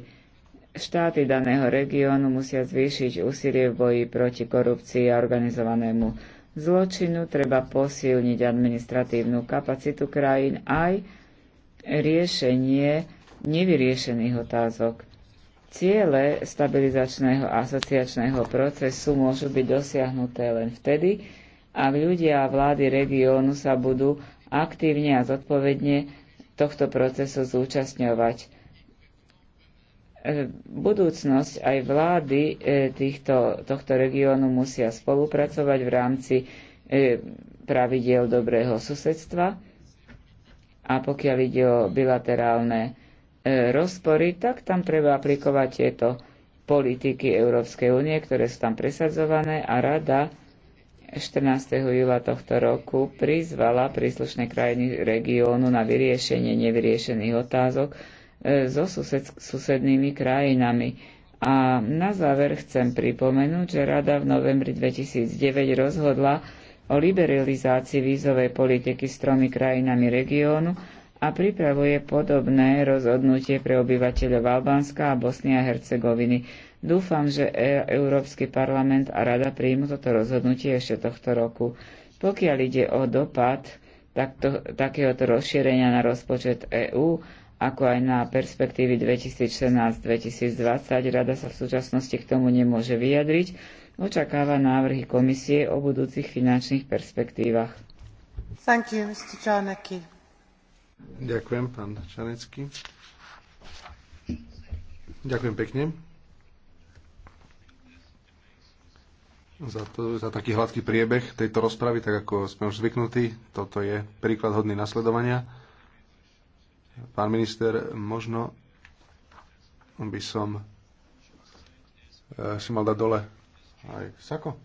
Štáty daného regiónu musia zvýšiť úsilie v boji proti korupcii a organizovanému zločinu, treba posilniť administratívnu kapacitu krajín aj riešenie nevyriešených otázok. Ciele stabilizačného a asociačného procesu môžu byť dosiahnuté len vtedy, ak ľudia a vlády regiónu sa budú aktívne a zodpovedne tohto procesu zúčastňovať. E, budúcnosť aj vlády e, týchto, tohto regiónu musia spolupracovať v rámci e, pravidiel dobrého susedstva a pokiaľ ide o bilaterálne E, rozpory, tak tam treba aplikovať tieto politiky Európskej únie, ktoré sú tam presadzované a rada 14. júla tohto roku prizvala príslušné krajiny regiónu na vyriešenie nevyriešených otázok e, so sused, susednými krajinami. A na záver chcem pripomenúť, že Rada v novembri 2009 rozhodla o liberalizácii vízovej politiky s tromi krajinami regiónu a pripravuje podobné rozhodnutie pre obyvateľov Albánska a Bosny a Hercegoviny. Dúfam, že e Európsky parlament a Rada príjmu toto rozhodnutie ešte tohto roku. Pokiaľ ide o dopad takto, takéhoto rozšírenia na rozpočet EÚ, ako aj na perspektívy 2016-2020, Rada sa v súčasnosti k tomu nemôže vyjadriť, očakáva návrhy komisie o budúcich finančných perspektívach. Thank you, Mr. Ďakujem, pán Čanecký. Ďakujem pekne. Za, to, za taký hladký priebeh tejto rozpravy, tak ako sme už zvyknutí. Toto je príklad hodný nasledovania. Pán minister, možno by som eh, si mal dať dole aj sako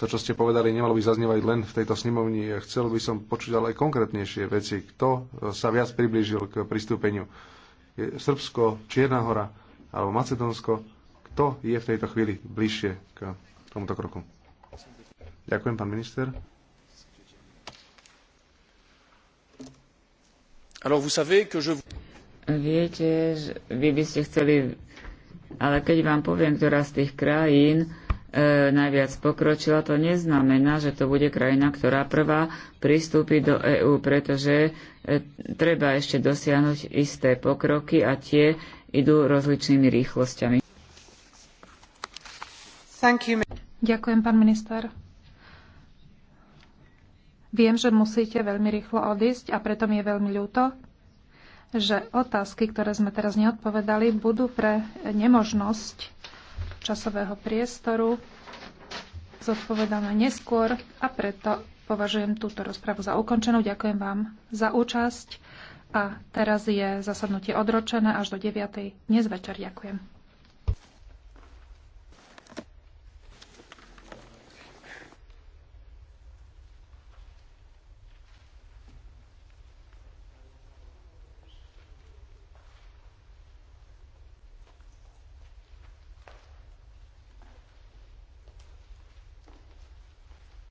to, čo ste povedali, nemalo by zaznievať len v tejto snemovni. Chcel by som počuť ale aj konkrétnejšie veci. Kto sa viac priblížil k pristúpeniu? Je Srbsko, Čierna hora alebo Macedónsko? Kto je v tejto chvíli bližšie k tomuto kroku? Ďakujem, pán minister. Alors vous savez que je... Viete, vy by ste chceli, ale keď vám poviem, ktorá z tých krajín, E, najviac pokročila, to neznamená, že to bude krajina, ktorá prvá pristúpi do EÚ, pretože e, treba ešte dosiahnuť isté pokroky a tie idú rozličnými rýchlosťami. Ďakujem, pán minister. Viem, že musíte veľmi rýchlo odísť a preto mi je veľmi ľúto, že otázky, ktoré sme teraz neodpovedali, budú pre nemožnosť časového priestoru zodpovedáme neskôr a preto považujem túto rozpravu za ukončenú. Ďakujem vám za účasť a teraz je zasadnutie odročené až do 9. dnes večer. Ďakujem.